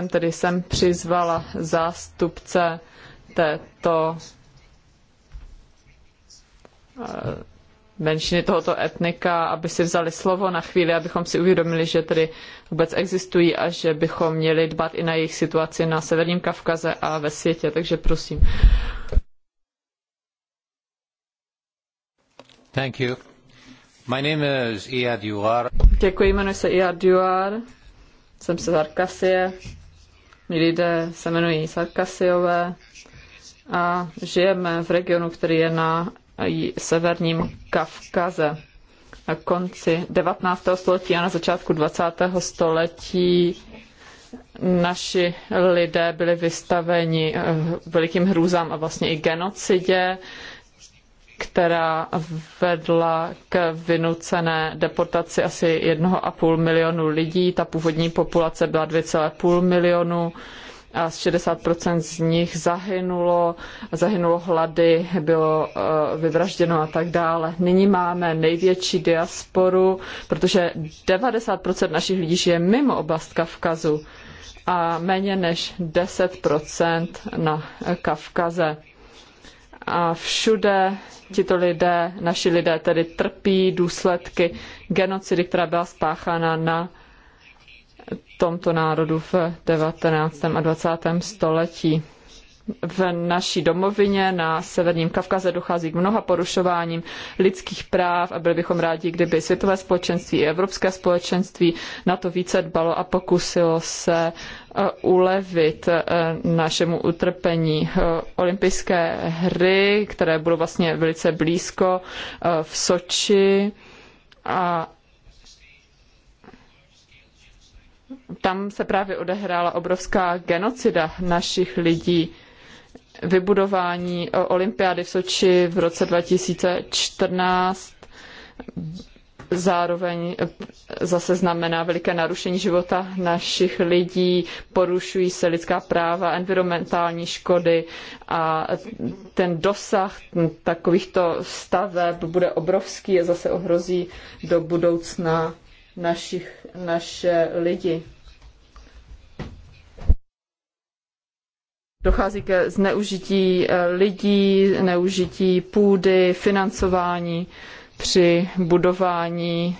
Jsem tedy jsem přizvala zástupce této eh, menšiny tohoto etnika, aby si vzali slovo na chvíli, abychom si uvědomili, že tedy vůbec existují a že bychom měli dbát i na jejich situaci na Severním Kavkaze a ve světě. Takže prosím. Thank you. My name is Iyad Yuar. Děkuji, jmenuji se Iyad Yuar. Jsem se z Arkasie lidé se jmenují Sarkasiové a žijeme v regionu, který je na severním Kavkaze. Na konci 19. století a na začátku 20. století naši lidé byli vystaveni eh, velikým hrůzám a vlastně i genocidě která vedla k vynucené deportaci asi 1,5 milionu lidí. Ta původní populace byla 2,5 milionu a z 60% z nich zahynulo, zahynulo hlady, bylo eh, vyvražděno a tak dále. Nyní máme největší diasporu, protože 90% našich lidí žije mimo oblast Kavkazu a méně než 10% na Kavkaze a všude tito lidé, naši lidé tedy trpí důsledky genocidy, která byla spáchána na tomto národu v 19. a 20. století v naší domovině na severním Kavkaze dochází k mnoha porušováním lidských práv a byli bychom rádi, kdyby světové společenství i evropské společenství na to více dbalo a pokusilo se eh, ulevit eh, našemu utrpení. Eh, olympijské hry, které budou vlastně velice blízko v Soči a tam se právě odehrála obrovská genocida našich lidí vybudování eh, olympiády v Soči v roce 2014 zároveň eh, zase znamená veliké narušení života našich lidí, porušují se lidská práva, environmentální škody a ten dosah takovýchto staveb bude obrovský a zase ohrozí do budoucna našich, naše lidi. Dochází ke zneužití eh, lidí, zneužití půdy, financování při budování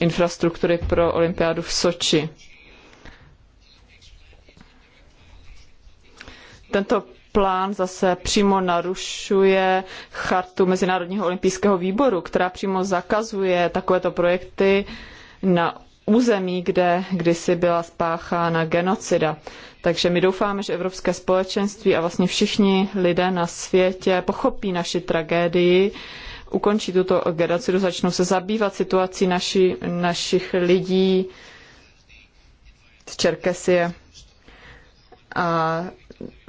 infrastruktury pro olympiádu v Soči. Tento plán zase přímo narušuje chartu Mezinárodního olympijského výboru, která přímo zakazuje takovéto projekty na území, kde kdysi byla spáchána genocida. Takže my doufáme, že Evropské společenství a vlastně všichni lidé na světě pochopí naši tragédii, ukončí tuto genocidu, začnou se zabývat situací naši, našich lidí z Čerkesie a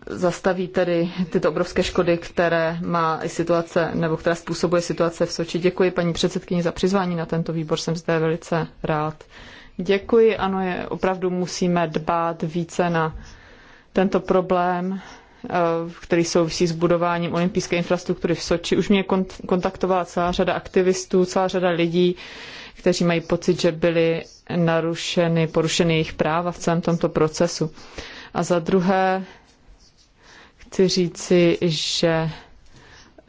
zastaví tedy tyto obrovské škody, které má i situace, nebo která způsobuje situace v Soči. Děkuji paní předsedkyni za přizvání na tento výbor, jsem zde velice rád. Děkuji, ano, je, opravdu musíme dbát více na tento problém, eh, který souvisí s budováním olympijské infrastruktury v Soči. Už mě kontaktovala celá řada aktivistů, celá řada lidí, kteří mají pocit, že byly narušeny, porušeny jejich práva v celém tomto procesu. A za druhé chci říci, že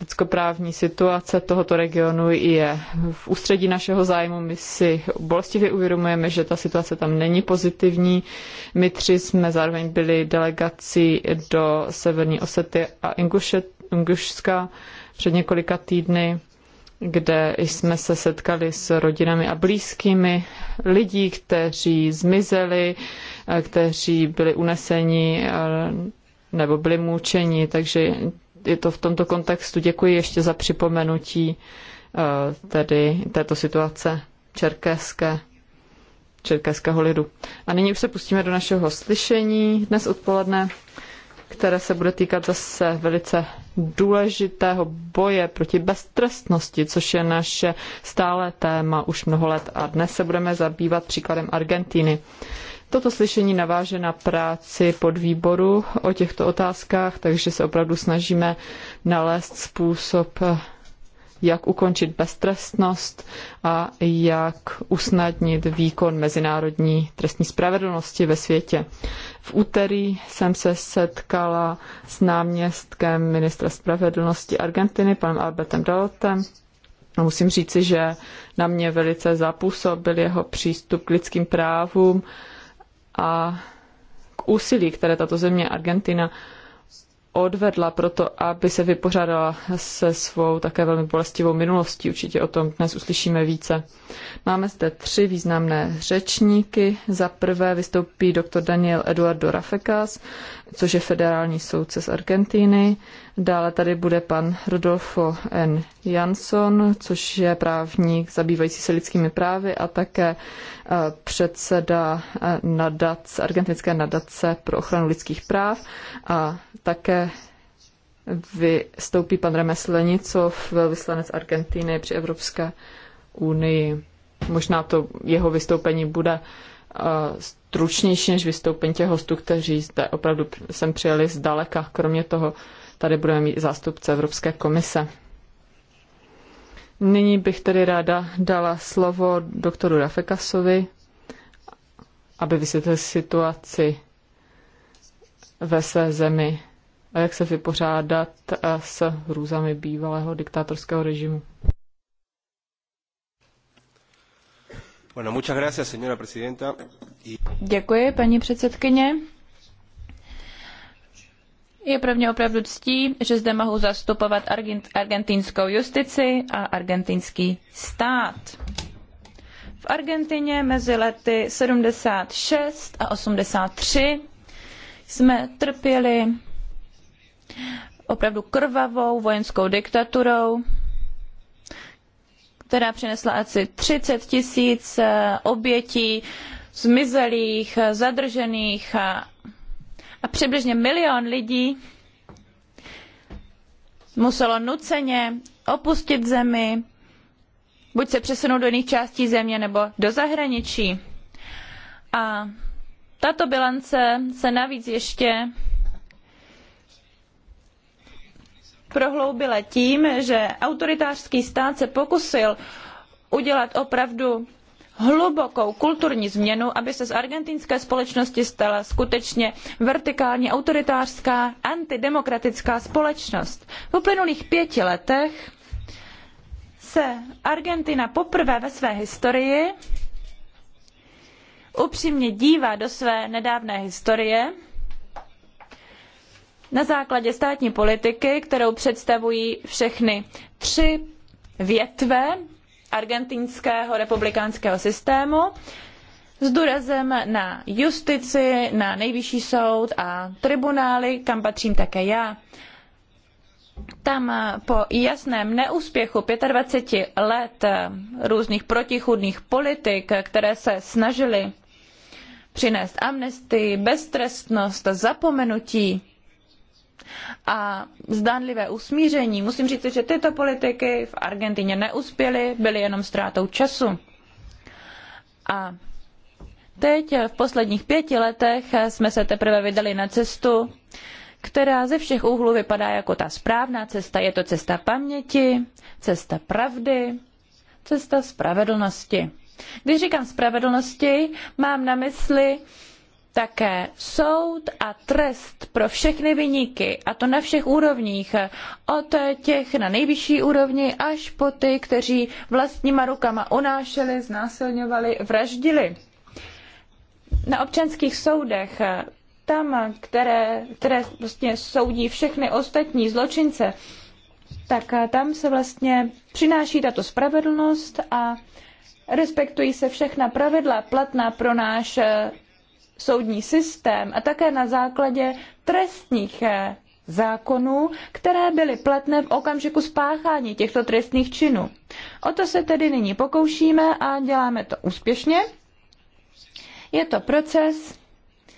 lidskoprávní situace tohoto regionu je v ústředí našeho zájmu. My si bolestivě uvědomujeme, že ta situace tam není pozitivní. My tři jsme zároveň byli delegací do Severní Osety a Ingušet, Ingušska před několika týdny, kde jsme se setkali s rodinami a blízkými lidí, kteří zmizeli, kteří byli uneseni eh, nebo byli mučeni, takže je to v tomto kontextu. Děkuji ještě za připomenutí eh, tedy této situace čerkeské čerkeského lidu. A nyní už se pustíme do našeho slyšení dnes odpoledne, které se bude týkat zase velice důležitého boje proti beztrestnosti, což je naše stále téma už mnoho let a dnes se budeme zabývat příkladem Argentíny. Toto slyšení naváže na práci pod výboru o těchto otázkách, takže se opravdu snažíme nalézt způsob, jak ukončit beztrestnost a jak usnadnit výkon mezinárodní trestní spravedlnosti ve světě. V úterý jsem se setkala s náměstkem ministra spravedlnosti Argentiny, panem Albertem Dalotem. A musím říci, že na mě velice zapůsobil jeho přístup k lidským právům, a k úsilí, které tato země Argentina odvedla pro to, aby se vypořádala se svou také velmi bolestivou minulostí. Určitě o tom dnes uslyšíme více. Máme zde tři významné řečníky. Za prvé vystoupí doktor Daniel Eduardo Rafekas což je federální soudce z Argentíny. Dále tady bude pan Rodolfo N. Jansson, což je právník zabývající se lidskými právy a také eh, předseda eh, nadace, argentinské nadace pro ochranu lidských práv a také vystoupí pan Lenicov, velvyslanec Argentiny při Evropské unii. Možná to jeho vystoupení bude uh, stručnější než vystoupení těch hostů, kteří zde opravdu sem přijeli zdaleka. Kromě toho tady budeme mít zástupce Evropské komise. Nyní bych tedy ráda dala slovo doktoru Rafekasovi, aby vysvětlil situaci ve své zemi a jak se vypořádat eh, s hrůzami bývalého diktátorského režimu. Děkuji, paní předsedkyně. Je pro mě opravdu ctí, že zde mohu zastupovat argentinskou justici a argentinský stát. V Argentině mezi lety 76 a 83 jsme trpěli opravdu krvavou vojenskou diktaturou, která přinesla asi 30 tisíc eh, obětí zmizelých, eh, zadržených a, a přibližně milion lidí muselo nuceně opustit zemi, buď se přesunout do jiných částí země nebo do zahraničí. A tato bilance se navíc ještě prohloubila tím, že autoritářský stát se pokusil udělat opravdu hlubokou kulturní změnu, aby se z argentinské společnosti stala skutečně vertikálně autoritářská, antidemokratická společnost. V uplynulých pěti letech se Argentina poprvé ve své historii upřímně dívá do své nedávné historie na základě státní politiky, kterou představují všechny tři větve argentinského republikánského systému s důrazem na justici, na nejvyšší soud a tribunály, kam patřím také já. Tam po jasném neúspěchu 25 let různých protichůdných politik, které se snažily přinést amnestii, beztrestnost, zapomenutí, a zdánlivé usmíření. Musím říct, že tyto politiky v Argentině neuspěly, byly jenom ztrátou času. A teď v posledních pěti letech jsme se teprve vydali na cestu, která ze všech úhlů vypadá jako ta správná cesta. Je to cesta paměti, cesta pravdy, cesta spravedlnosti. Když říkám spravedlnosti, mám na mysli také soud a trest pro všechny vyníky, a to na všech úrovních, od těch na nejvyšší úrovni až po ty, kteří vlastníma rukama unášeli, znásilňovali, vraždili. Na občanských soudech tam, které, které vlastně soudí všechny ostatní zločince, tak tam se vlastně přináší tato spravedlnost a respektují se všechna pravidla platná pro náš soudní systém a také na základě trestních eh, zákonů, které byly platné v okamžiku spáchání těchto trestných činů. O to se tedy nyní pokoušíme a děláme to úspěšně. Je to proces,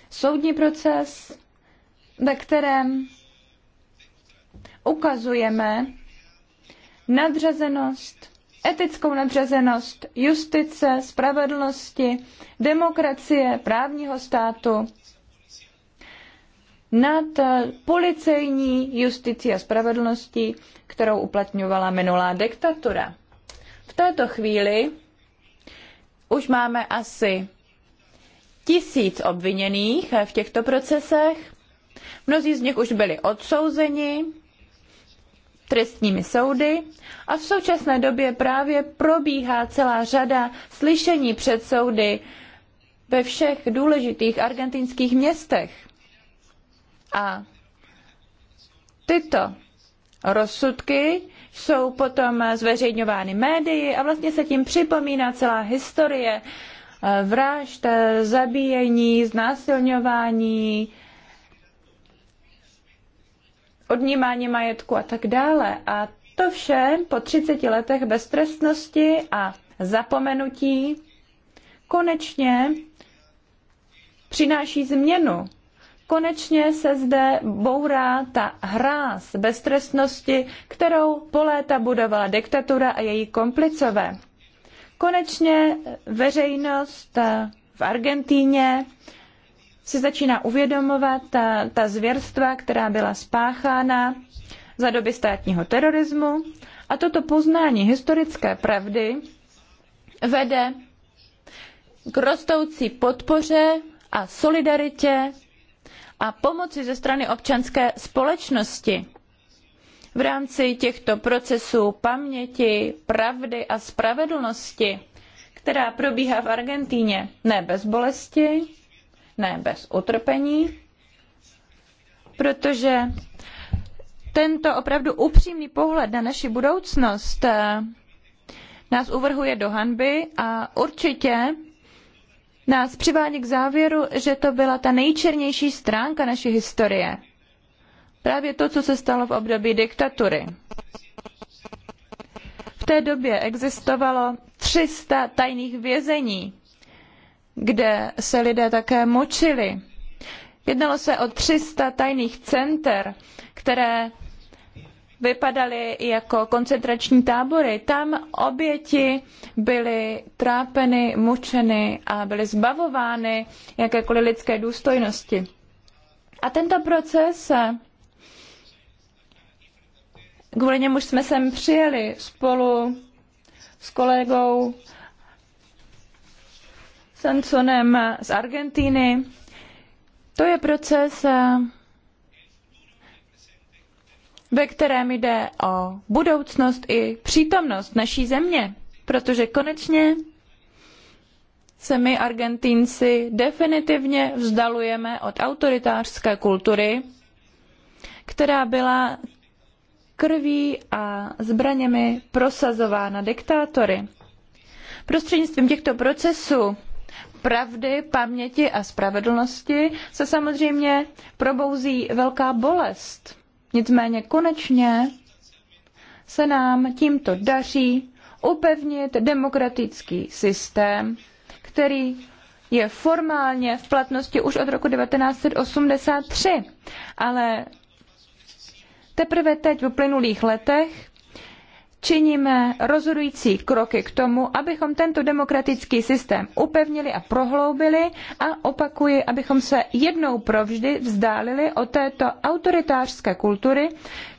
soudní proces, ve kterém ukazujeme nadřazenost etickou nadřazenost justice, spravedlnosti, demokracie, právního státu nad eh, policejní justicí a spravedlností, kterou uplatňovala minulá diktatura. V této chvíli už máme asi tisíc obviněných eh, v těchto procesech. Mnozí z nich už byli odsouzeni, trestními soudy a v současné době právě probíhá celá řada slyšení před soudy ve všech důležitých argentinských městech. A tyto rozsudky jsou potom zveřejňovány médii a vlastně se tím připomíná celá historie eh, vražd, zabíjení, znásilňování, odnímání majetku a tak dále. A to vše po 30 letech beztrestnosti a zapomenutí konečně přináší změnu. Konečně se zde bourá ta hráz beztrestnosti, kterou po léta budovala diktatura a její komplicové. Konečně veřejnost v Argentíně si začíná uvědomovat ta, ta zvěrstva, která byla spáchána za doby státního terorismu. A toto poznání historické pravdy vede k rostoucí podpoře a solidaritě a pomoci ze strany občanské společnosti v rámci těchto procesů paměti, pravdy a spravedlnosti, která probíhá v Argentíně ne bez bolesti, ne bez utrpení, protože tento opravdu upřímný pohled na naši budoucnost eh, nás uvrhuje do hanby a určitě nás přivádí k závěru, že to byla ta nejčernější stránka naší historie. Právě to, co se stalo v období diktatury. V té době existovalo 300 tajných vězení kde se lidé také močili. Jednalo se o 300 tajných center, které vypadaly jako koncentrační tábory. Tam oběti byly trápeny, mučeny a byly zbavovány jakékoliv lidské důstojnosti. A tento proces, kvůli němuž jsme sem přijeli spolu s kolegou Sansonem z Argentíny. To je proces, eh, ve kterém jde o budoucnost i přítomnost naší země, protože konečně se my, Argentínci, definitivně vzdalujeme od autoritářské kultury, která byla krví a zbraněmi prosazována diktátory. Prostřednictvím těchto procesů pravdy, paměti a spravedlnosti se samozřejmě probouzí velká bolest. Nicméně konečně se nám tímto daří upevnit demokratický systém, který je formálně v platnosti už od roku 1983, ale teprve teď v uplynulých letech činíme rozhodující kroky k tomu, abychom tento demokratický systém upevnili a prohloubili a opakuji, abychom se jednou provždy vzdálili od této autoritářské kultury,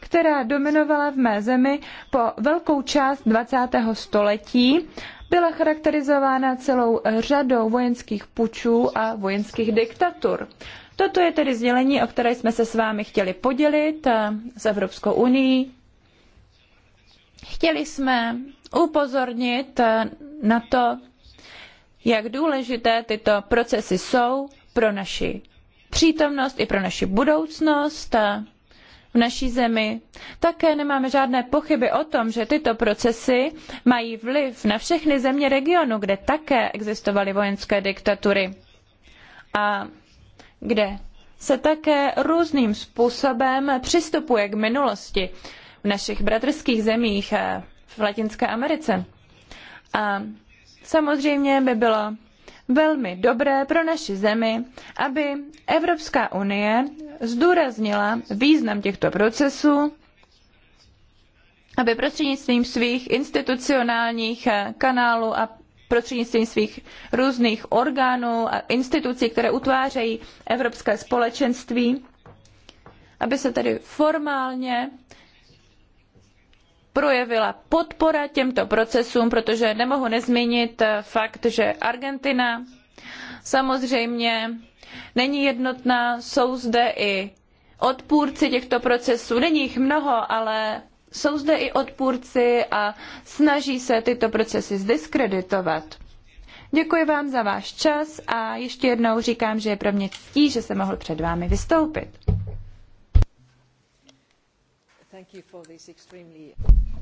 která dominovala v mé zemi po velkou část 20. století, byla charakterizována celou řadou vojenských pučů a vojenských diktatur. Toto je tedy sdělení, o které jsme se s vámi chtěli podělit eh, s Evropskou unii, Chtěli jsme upozornit eh, na to, jak důležité tyto procesy jsou pro naši přítomnost i pro naši budoucnost eh, v naší zemi. Také nemáme žádné pochyby o tom, že tyto procesy mají vliv na všechny země regionu, kde také existovaly vojenské diktatury a kde se také různým způsobem přistupuje k minulosti v našich bratrských zemích eh, v Latinské Americe. A samozřejmě by bylo velmi dobré pro naši zemi, aby Evropská unie zdůraznila význam těchto procesů, aby prostřednictvím svých institucionálních eh, kanálů a prostřednictvím svých různých orgánů a institucí, které utvářejí Evropské společenství, aby se tedy formálně projevila podpora těmto procesům, protože nemohu nezmínit eh, fakt, že Argentina samozřejmě není jednotná, jsou zde i odpůrci těchto procesů, není jich mnoho, ale jsou zde i odpůrci a snaží se tyto procesy zdiskreditovat. Děkuji vám za váš čas a ještě jednou říkám, že je pro mě ctí, že jsem mohl před vámi vystoupit.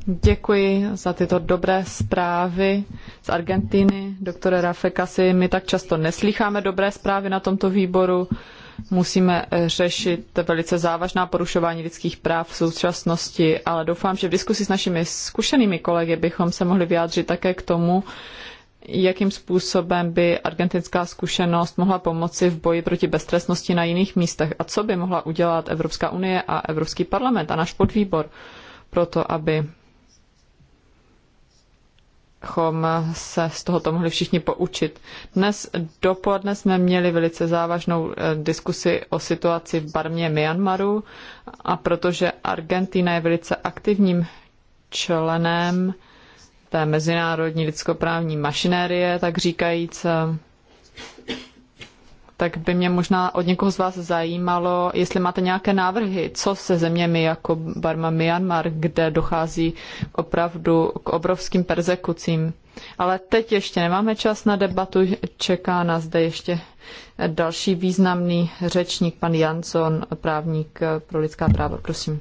Děkuji za tyto dobré zprávy z Argentiny. Doktore Rafekasi, my tak často neslycháme dobré zprávy na tomto výboru. Musíme eh, řešit velice závažná porušování lidských práv v současnosti, ale doufám, že v diskusi s našimi zkušenými kolegy bychom se mohli vyjádřit také k tomu, jakým způsobem by argentinská zkušenost mohla pomoci v boji proti beztrestnosti na jiných místech a co by mohla udělat Evropská unie a Evropský parlament a náš podvýbor pro to, aby abychom se z tohoto mohli všichni poučit. Dnes dopoledne jsme měli velice závažnou eh, diskusi o situaci v barmě Myanmaru a protože Argentina je velice aktivním členem té mezinárodní lidskoprávní mašinérie, tak říkajíc, tak by mě možná od někoho z vás zajímalo, jestli máte nějaké návrhy, co se zeměmi jako Barma Myanmar, kde dochází opravdu k obrovským persekucím. Ale teď ještě nemáme čas na debatu, čeká nás zde ještě další významný řečník, pan Jansson, právník pro lidská práva. Prosím.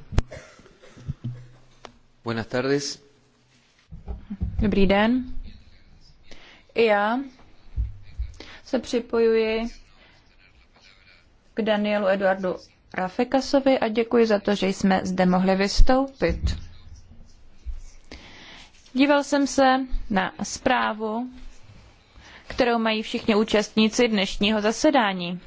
Buenas tardes. Dobrý den. I já se připojuji k Danielu Eduardu Rafekasovi a děkuji za to, že jsme zde mohli vystoupit. Díval jsem se na zprávu, kterou mají všichni účastníci dnešního zasedání.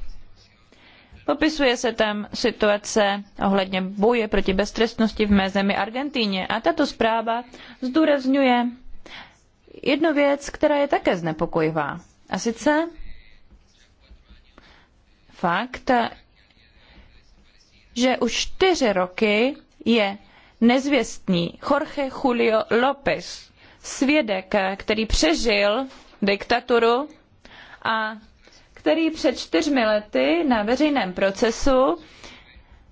Popisuje se tam situace ohledně boje proti beztrestnosti v mé zemi Argentíně a tato zpráva zdůrazňuje jednu věc, která je také znepokojivá. A sice fakt, že už čtyři roky je nezvěstný Jorge Julio López, svědek, který přežil diktaturu a který před čtyřmi lety na veřejném procesu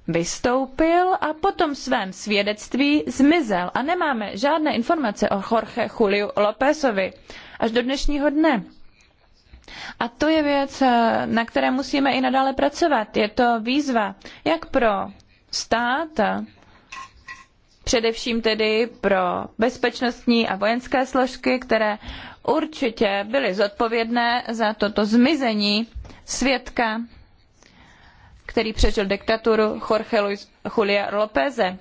vystoupil a potom svém svědectví zmizel a nemáme žádné informace o Jorge Juliu Lópezovi až do dnešního dne. A to je věc, eh, na které musíme i nadále pracovat. Je to výzva jak pro stát, eh, především tedy pro bezpečnostní a vojenské složky, které určitě byly zodpovědné za toto zmizení svědka, který přežil diktaturu Jorge Luis Julia Lópeze.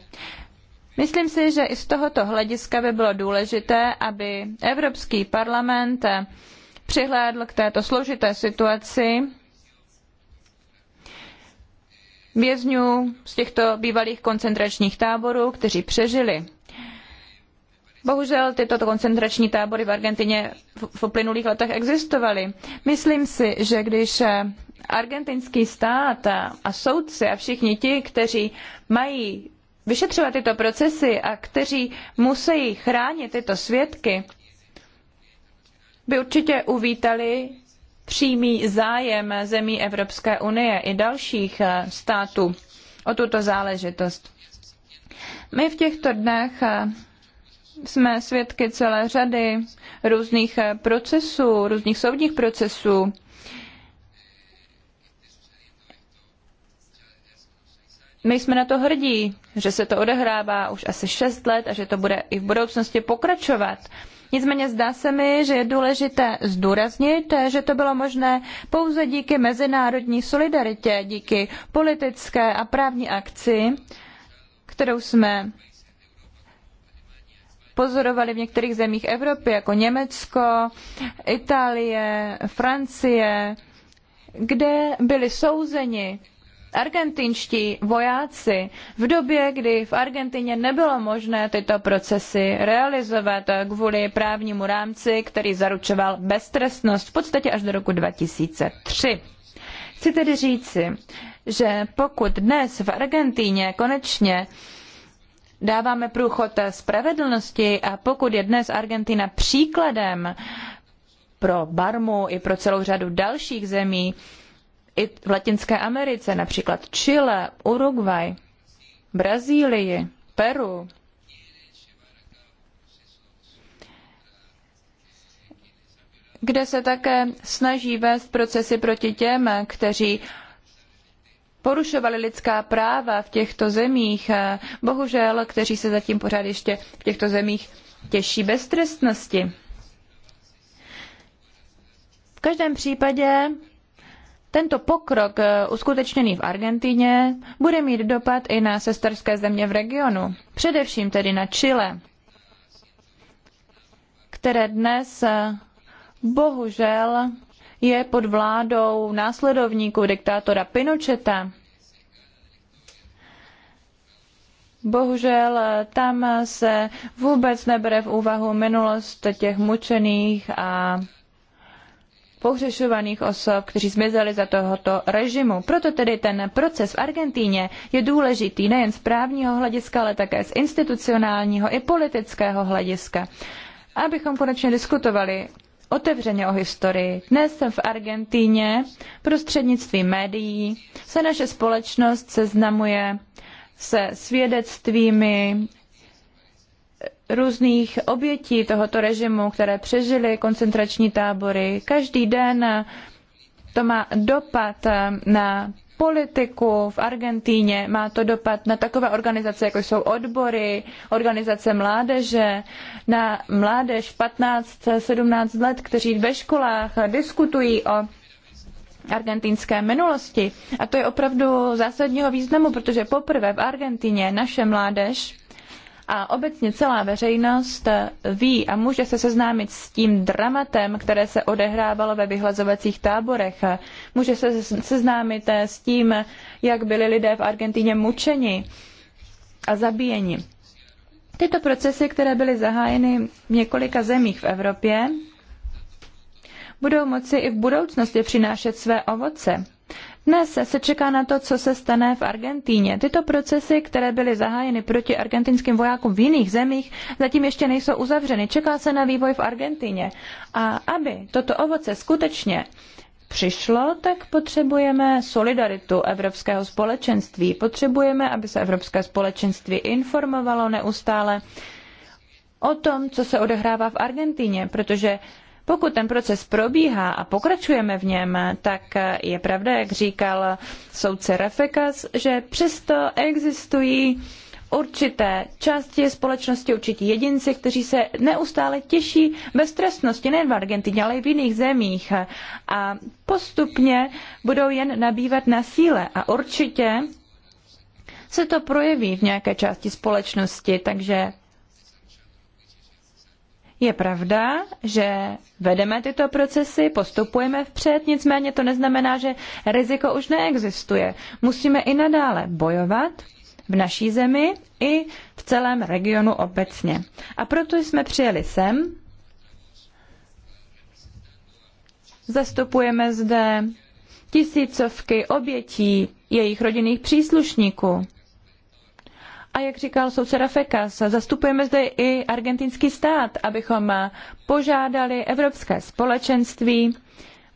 Myslím si, že i z tohoto hlediska by bylo důležité, aby Evropský parlament přihlédl k této složité situaci vězňů z těchto bývalých koncentračních táborů, kteří přežili. Bohužel tyto koncentrační tábory v Argentině v uplynulých letech existovaly. Myslím si, že když eh, argentinský stát a soudci a všichni ti, kteří mají vyšetřovat tyto procesy a kteří musí chránit tyto svědky, by určitě uvítali přímý zájem zemí Evropské unie i dalších eh, států o tuto záležitost. My v těchto dnech eh, jsme svědky celé řady různých procesů, různých soudních procesů. My jsme na to hrdí, že se to odehrává už asi šest let a že to bude i v budoucnosti pokračovat. Nicméně zdá se mi, že je důležité zdůraznit, že to bylo možné pouze díky mezinárodní solidaritě, díky politické a právní akci, kterou jsme pozorovali v některých zemích Evropy, jako Německo, Itálie, Francie, kde byli souzeni argentinští vojáci v době, kdy v Argentině nebylo možné tyto procesy realizovat kvůli právnímu rámci, který zaručoval beztrestnost v podstatě až do roku 2003. Chci tedy říci, že pokud dnes v Argentíně konečně dáváme průchod spravedlnosti a pokud je dnes Argentina příkladem pro Barmu i pro celou řadu dalších zemí, i v Latinské Americe, například Chile, Uruguay, Brazílii, Peru, kde se také snaží vést procesy proti těm, kteří porušovali lidská práva v těchto zemích, eh, bohužel, kteří se zatím pořád ještě v těchto zemích těší beztrestnosti. V každém případě tento pokrok eh, uskutečněný v Argentíně bude mít dopad i na sesterské země v regionu, především tedy na Chile, které dnes eh, bohužel je pod vládou následovníků diktátora Pinocheta, Bohužel tam se vůbec nebere v úvahu minulost těch mučených a pohřešovaných osob, kteří zmizeli za tohoto režimu. Proto tedy ten proces v Argentíně je důležitý nejen z právního hlediska, ale také z institucionálního i politického hlediska. Abychom konečně diskutovali otevřeně o historii. Dnes v Argentíně prostřednictvím médií se naše společnost seznamuje se svědectvími různých obětí tohoto režimu, které přežily koncentrační tábory. Každý den to má dopad na politiku v Argentíně, má to dopad na takové organizace, jako jsou odbory, organizace mládeže, na mládež 15-17 let, kteří ve školách diskutují o argentinské minulosti. A to je opravdu zásadního významu, protože poprvé v Argentině naše mládež a obecně celá veřejnost ví a může se seznámit s tím dramatem, které se odehrávalo ve vyhlazovacích táborech. Může se seznámit eh, s tím, jak byli lidé v Argentíně mučeni a zabíjeni. Tyto procesy, které byly zahájeny v několika zemích v Evropě, budou moci i v budoucnosti přinášet své ovoce. Dnes se čeká na to, co se stane v Argentíně. Tyto procesy, které byly zahájeny proti argentinským vojákům v jiných zemích, zatím ještě nejsou uzavřeny. Čeká se na vývoj v Argentíně. A aby toto ovoce skutečně přišlo, tak potřebujeme solidaritu evropského společenství. Potřebujeme, aby se evropské společenství informovalo neustále o tom, co se odehrává v Argentíně, protože pokud ten proces probíhá a pokračujeme v něm, tak je pravda, jak říkal soudce Rafekas, že přesto existují určité části společnosti, určití jedinci, kteří se neustále těší beztrestnosti nejen v Argentině, ale i v jiných zemích a postupně budou jen nabývat na síle a určitě se to projeví v nějaké části společnosti, takže je pravda, že vedeme tyto procesy, postupujeme vpřed, nicméně to neznamená, že riziko už neexistuje. Musíme i nadále bojovat v naší zemi i v celém regionu obecně. A proto jsme přijeli sem. Zastupujeme zde tisícovky obětí jejich rodinných příslušníků. A jak říkal souseda Fekas, zastupujeme zde i argentinský stát, abychom požádali Evropské společenství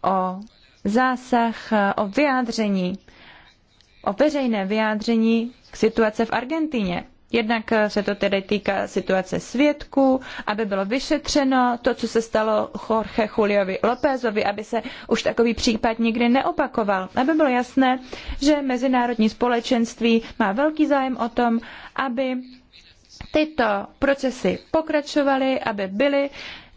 o zásah, o vyjádření, o veřejné vyjádření k situaci v Argentině. Jednak se to tedy týká situace svědků, aby bylo vyšetřeno to, co se stalo Jorge Juliovi Lópezovi, aby se už takový případ nikdy neopakoval. Aby bylo jasné, že mezinárodní společenství má velký zájem o tom, aby tyto procesy pokračovaly, aby byly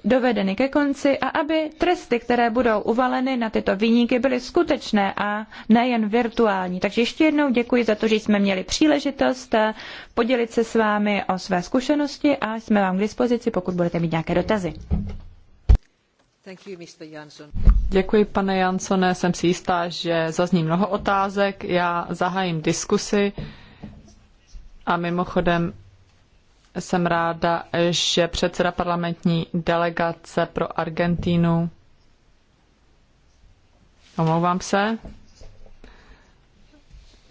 dovedeny ke konci a aby tresty, které budou uvaleny na tyto výniky, byly skutečné a nejen virtuální. Takže ještě jednou děkuji za to, že jsme měli příležitost eh, podělit se s vámi o své zkušenosti a jsme vám k dispozici, pokud budete mít nějaké dotazy. You, Děkuji, pane Jansone. Jsem si jistá, že zazní mnoho otázek. Já zahájím diskusi. A mimochodem, jsem ráda, že předseda parlamentní delegace pro Argentínu Omlouvám se.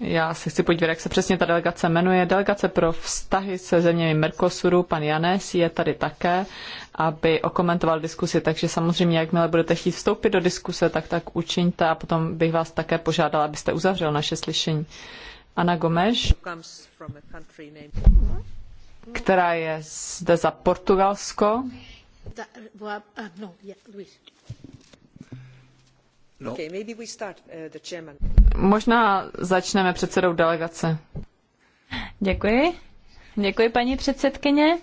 Já se chci podívat, jak se přesně ta delegace jmenuje. Delegace pro vztahy se zeměmi Mercosuru, pan Janes je tady také, aby okomentoval diskusi, takže samozřejmě, jakmile budete chtít vstoupit do diskuse, tak tak učiňte a potom bych vás také požádala, abyste uzavřel naše slyšení. Ana Gomes která je zde za Portugalsko. Možná začneme předsedou delegace. Děkuji. Děkuji, paní předsedkyně.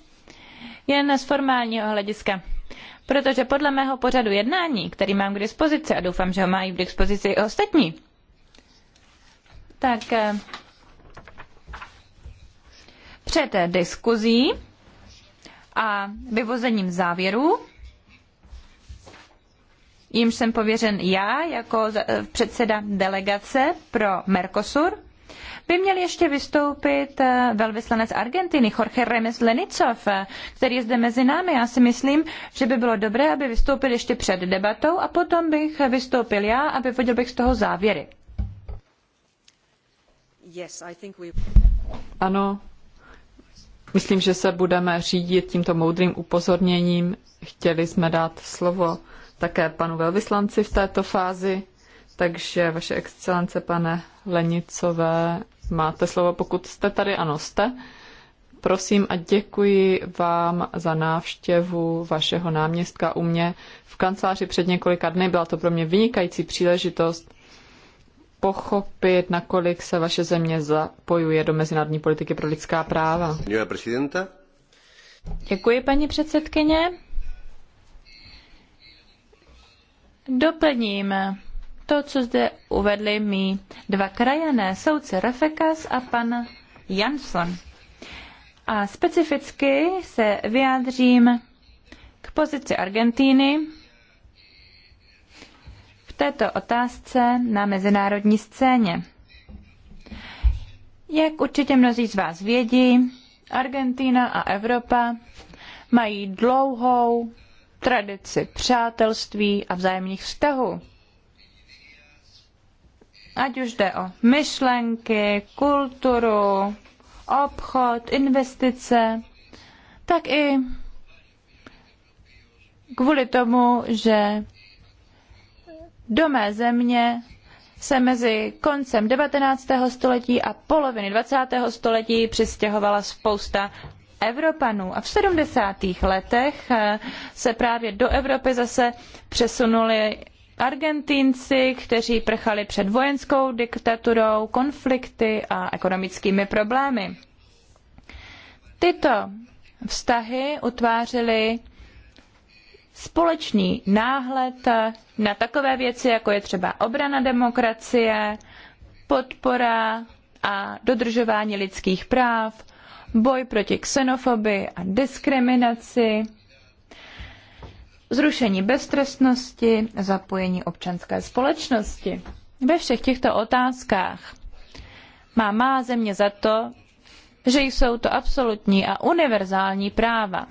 Jen z formálního hlediska. Protože podle mého pořadu jednání, který mám k dispozici, a doufám, že ho mají k dispozici i ostatní, tak eh, před diskuzí a vyvozením závěrů, jimž jsem pověřen já jako předseda delegace pro Mercosur, by měl ještě vystoupit eh, velvyslanec Argentiny Jorge Remes Lenicov, eh, který je zde mezi námi. Já si myslím, že by bylo dobré, aby vystoupil ještě před debatou a potom bych vystoupil já a vyvodil bych z toho závěry. Ano, Myslím, že se budeme řídit tímto moudrým upozorněním. Chtěli jsme dát slovo také panu velvyslanci v této fázi, takže vaše excelence, pane Lenicové, máte slovo, pokud jste tady, ano jste. Prosím a děkuji vám za návštěvu vašeho náměstka u mě v kanceláři před několika dny. Byla to pro mě vynikající příležitost pochopit, nakolik se vaše země zapojuje do mezinárodní politiky pro lidská práva. Děkuji, paní předsedkyně. Doplním to, co zde uvedli mý dva krajané, soudce Rafekas a pan Jansson. A specificky se vyjádřím k pozici Argentíny této otázce na mezinárodní scéně. Jak určitě mnozí z vás vědí, Argentina a Evropa mají dlouhou tradici přátelství a vzájemných vztahů. Ať už jde o myšlenky, kulturu, obchod, investice, tak i kvůli tomu, že do mé země se mezi koncem 19. století a poloviny 20. století přistěhovala spousta Evropanů. A v 70. letech eh, se právě do Evropy zase přesunuli Argentinci, kteří prchali před vojenskou diktaturou, konflikty a ekonomickými problémy. Tyto vztahy utvářely společný náhled na takové věci, jako je třeba obrana demokracie, podpora a dodržování lidských práv, boj proti xenofobii a diskriminaci, zrušení beztrestnosti, zapojení občanské společnosti. Ve všech těchto otázkách má má země za to, že jsou to absolutní a univerzální práva.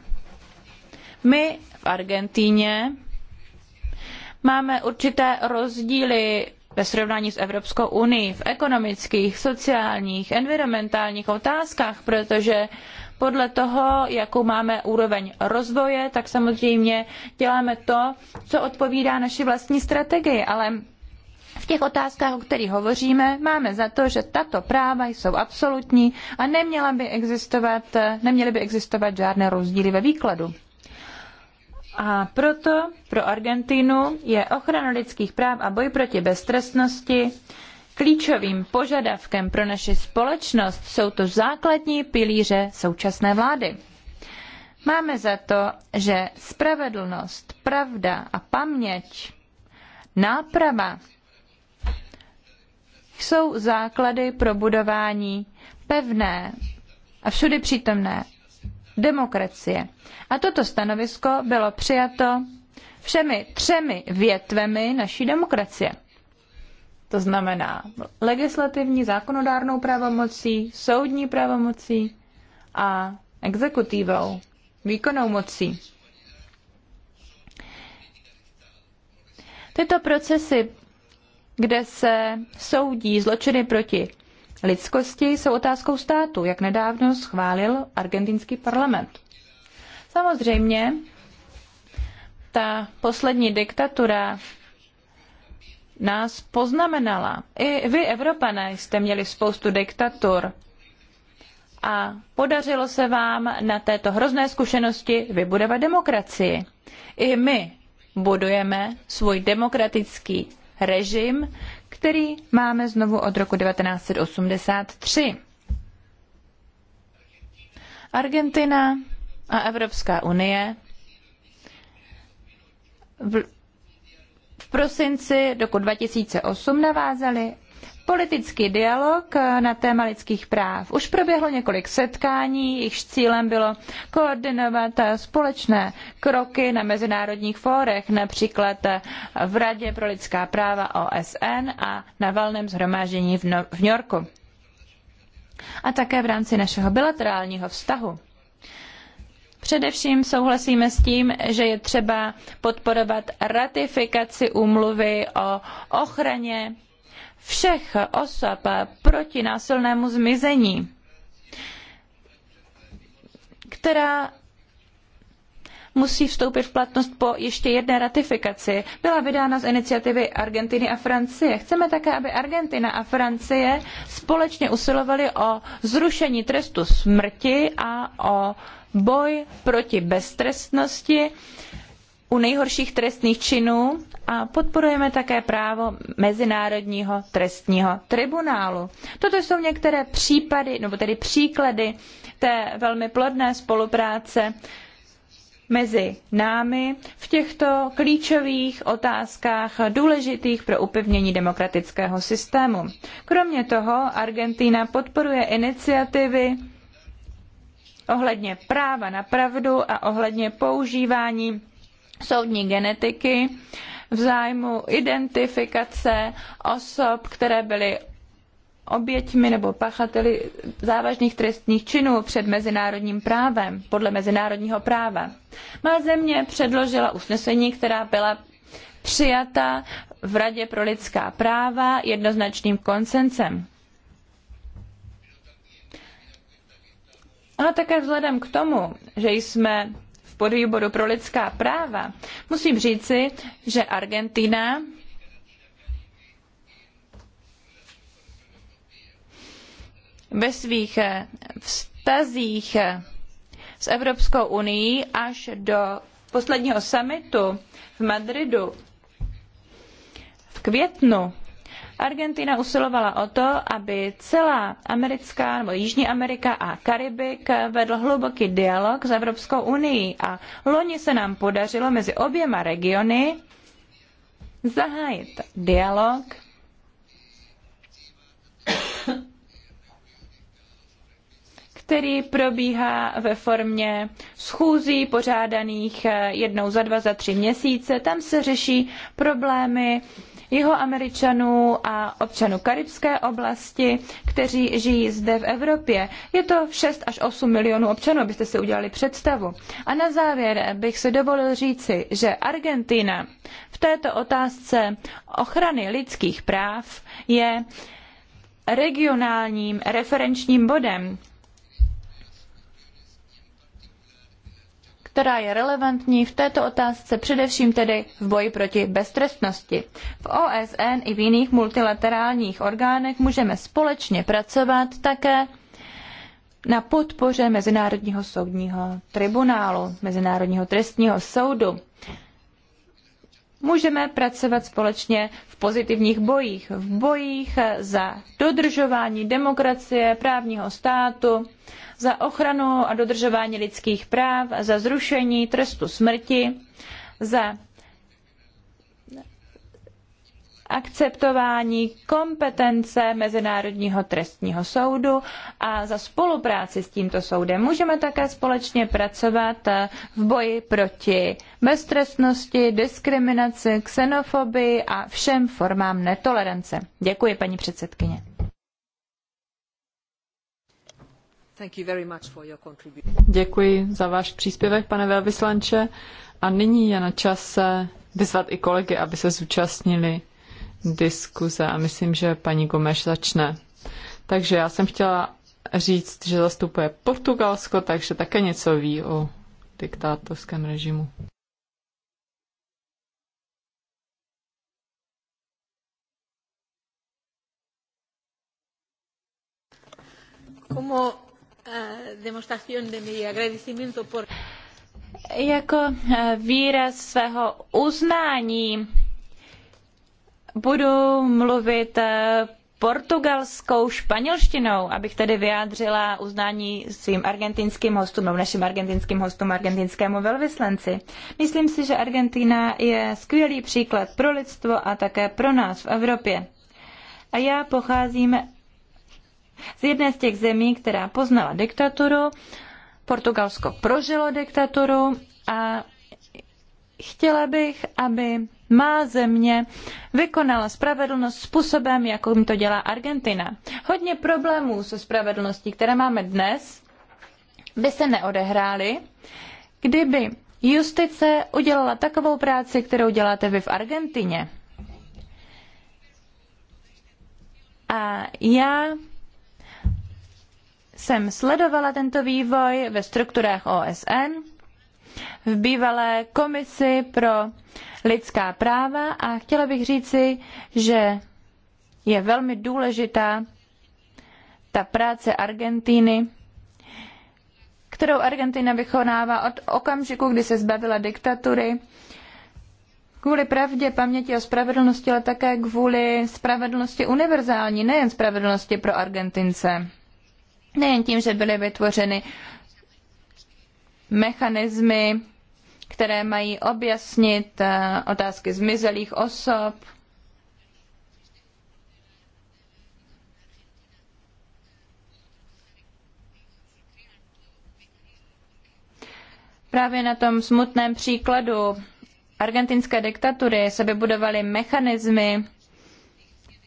My v Argentíně máme určité rozdíly ve srovnání s Evropskou unii v ekonomických, sociálních, environmentálních otázkách, protože podle toho, jakou máme úroveň rozvoje, tak samozřejmě děláme to, co odpovídá naší vlastní strategii, ale v těch otázkách, o kterých hovoříme, máme za to, že tato práva jsou absolutní a neměla by existovat, neměly by existovat žádné rozdíly ve výkladu. A proto pro Argentinu je ochrana lidských práv a boj proti beztrestnosti klíčovým požadavkem pro naši společnost. Jsou to základní pilíře současné vlády. Máme za to, že spravedlnost, pravda a paměť, náprava jsou základy pro budování pevné a všudy přítomné demokracie. A toto stanovisko bylo přijato všemi třemi větvemi naší demokracie. To znamená legislativní, zákonodárnou pravomocí, soudní pravomocí a exekutivou, výkonnou mocí. Tyto procesy, kde se soudí zločiny proti lidskosti jsou otázkou státu, jak nedávno schválil argentinský parlament. Samozřejmě ta poslední diktatura nás poznamenala. I vy, Evropané, jste měli spoustu diktatur a podařilo se vám na této hrozné zkušenosti vybudovat demokracii. I my budujeme svůj demokratický režim, který máme znovu od roku 1983. Argentina a Evropská unie v, v prosinci roku 2008 navázali politický dialog eh, na téma lidských práv. Už proběhlo několik setkání, jejichž cílem bylo koordinovat eh, společné kroky na mezinárodních fórech, například eh, v Radě pro lidská práva OSN a na valném zhromáždění v, no- v New Yorku. A také v rámci našeho bilaterálního vztahu. Především souhlasíme s tím, že je třeba podporovat ratifikaci úmluvy o ochraně všech osob proti násilnému zmizení, která musí vstoupit v platnost po ještě jedné ratifikaci. Byla vydána z iniciativy Argentiny a Francie. Chceme také, aby Argentina a Francie společně usilovaly o zrušení trestu smrti a o boj proti beztrestnosti u nejhorších trestných činů a podporujeme také právo Mezinárodního trestního tribunálu. Toto jsou některé případy, nebo tedy příklady té velmi plodné spolupráce mezi námi v těchto klíčových otázkách důležitých pro upevnění demokratického systému. Kromě toho Argentina podporuje iniciativy ohledně práva na pravdu a ohledně používání soudní genetiky v zájmu identifikace osob, které byly oběťmi nebo pachateli závažných trestních činů před mezinárodním právem, podle mezinárodního práva. Má země předložila usnesení, která byla přijata v Radě pro lidská práva jednoznačným konsensem. Ale také vzhledem k tomu, že jsme podvýboru pro lidská práva, musím říci, že Argentina ve svých eh, vztazích eh, s Evropskou unii až do posledního summitu v Madridu v květnu Argentina usilovala o to, aby celá americká nebo Jižní Amerika a Karibik vedl hluboký dialog s Evropskou unii a loni se nám podařilo mezi oběma regiony zahájit dialog který probíhá ve formě schůzí pořádaných eh, jednou za dva, za tři měsíce. Tam se řeší problémy jihoameričanů a občanů karibské oblasti, kteří žijí zde v Evropě. Je to 6 až 8 milionů občanů, abyste si udělali představu. A na závěr bych si dovolil říci, že Argentina v této otázce ochrany lidských práv je regionálním referenčním bodem která je relevantní v této otázce, především tedy v boji proti beztrestnosti. V OSN i v jiných multilaterálních orgánech můžeme společně pracovat také na podpoře Mezinárodního soudního tribunálu, Mezinárodního trestního soudu. Můžeme pracovat společně v pozitivních bojích, v bojích za dodržování demokracie, právního státu, za ochranu a dodržování lidských práv, za zrušení trestu smrti, za akceptování kompetence Mezinárodního trestního soudu a za spolupráci s tímto soudem. Můžeme také společně pracovat eh, v boji proti beztrestnosti, diskriminaci, xenofobii a všem formám netolerance. Děkuji, paní předsedkyně. Děkuji za váš příspěvek, pane velvyslanče. A nyní je na čase vyzvat i kolegy, aby se zúčastnili diskuze. A myslím, že paní Gomeš začne. Takže já jsem chtěla říct, že zastupuje Portugalsko, takže také něco ví o diktátorském režimu. Como Eh, jako eh, výraz svého uznání budu mluvit eh, portugalskou španělštinou, abych tedy vyjádřila uznání svým argentinským hostům, nebo našim argentinským hostům, argentinskému velvyslanci. Myslím si, že Argentina je skvělý příklad pro lidstvo a také pro nás v Evropě. A já pocházím z jedné z těch zemí, která poznala diktaturu. Portugalsko prožilo diktaturu a chtěla bych, aby má země vykonala spravedlnost způsobem, jakým to dělá Argentina. Hodně problémů se spravedlností, které máme dnes, by se neodehrály, kdyby justice udělala takovou práci, kterou děláte vy v Argentině. A já jsem sledovala tento vývoj ve strukturách OSN, v bývalé komisi pro lidská práva a chtěla bych říci, že je velmi důležitá ta práce Argentíny, kterou Argentina vykonává od okamžiku, kdy se zbavila diktatury, kvůli pravdě, paměti a spravedlnosti, ale také kvůli spravedlnosti univerzální, nejen spravedlnosti pro Argentince. Nejen tím, že byly vytvořeny mechanismy, které mají objasnit eh, otázky zmizelých osob, Právě na tom smutném příkladu argentinské diktatury se vybudovaly mechanismy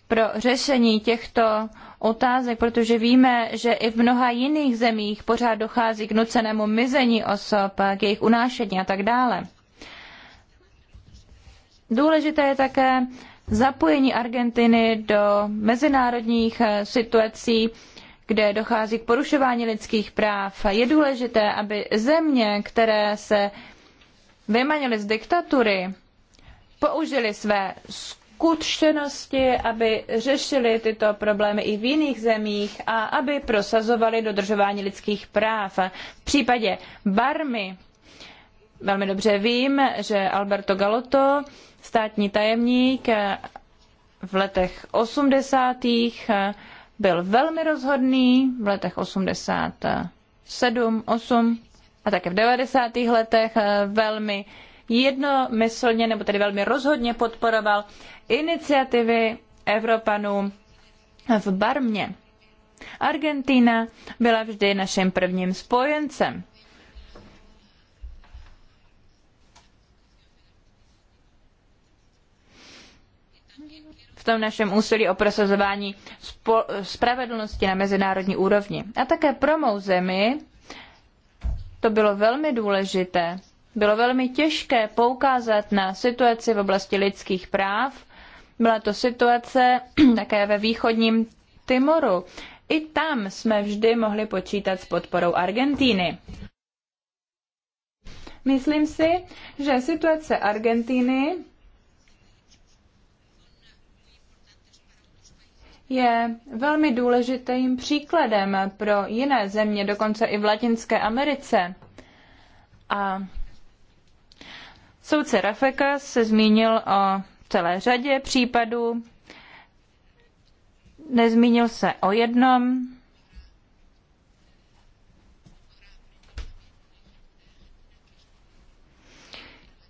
pro řešení těchto otázek, protože víme, že i v mnoha jiných zemích pořád dochází k nucenému mizení osob, k jejich unášení a tak dále. Důležité je také zapojení Argentiny do mezinárodních eh, situací, kde dochází k porušování lidských práv. Je důležité, aby země, které se vymanily z diktatury, použili své zkušenosti, aby řešili tyto problémy i v jiných zemích a aby prosazovali dodržování lidských práv. V případě Barmy velmi dobře vím, že Alberto Galotto, státní tajemník v letech 80. byl velmi rozhodný, v letech 87, 8 a také v 90. letech velmi jednomyslně nebo tedy velmi rozhodně podporoval iniciativy Evropanů v Barmě. Argentina byla vždy naším prvním spojencem. v tom našem úsilí o prosazování spravedlnosti na mezinárodní úrovni. A také pro mou zemi to bylo velmi důležité, bylo velmi těžké poukázat na situaci v oblasti lidských práv. Byla to situace také ve východním Timoru. I tam jsme vždy mohli počítat s podporou Argentíny. Myslím si, že situace Argentíny je velmi důležitým příkladem pro jiné země, dokonce i v Latinské Americe. A Soudce Rafeka se zmínil o celé řadě případů, nezmínil se o jednom,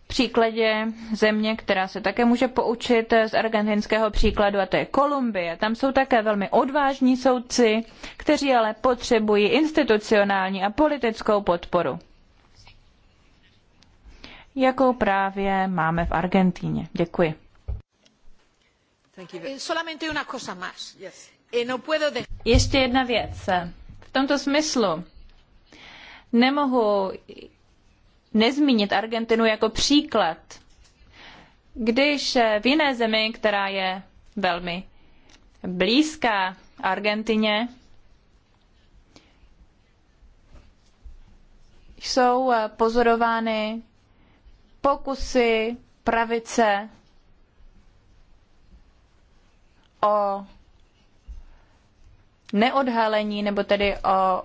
příkladě země, která se také může poučit z argentinského příkladu, a to je Kolumbie. Tam jsou také velmi odvážní soudci, kteří ale potřebují institucionální a politickou podporu jakou právě máme v Argentíně. Děkuji. Eh, no Ještě jedna věc. V tomto smyslu nemohu nezmínit Argentinu jako příklad, když v jiné zemi, která je velmi blízká Argentině, jsou pozorovány pokusy pravice o neodhalení nebo tedy o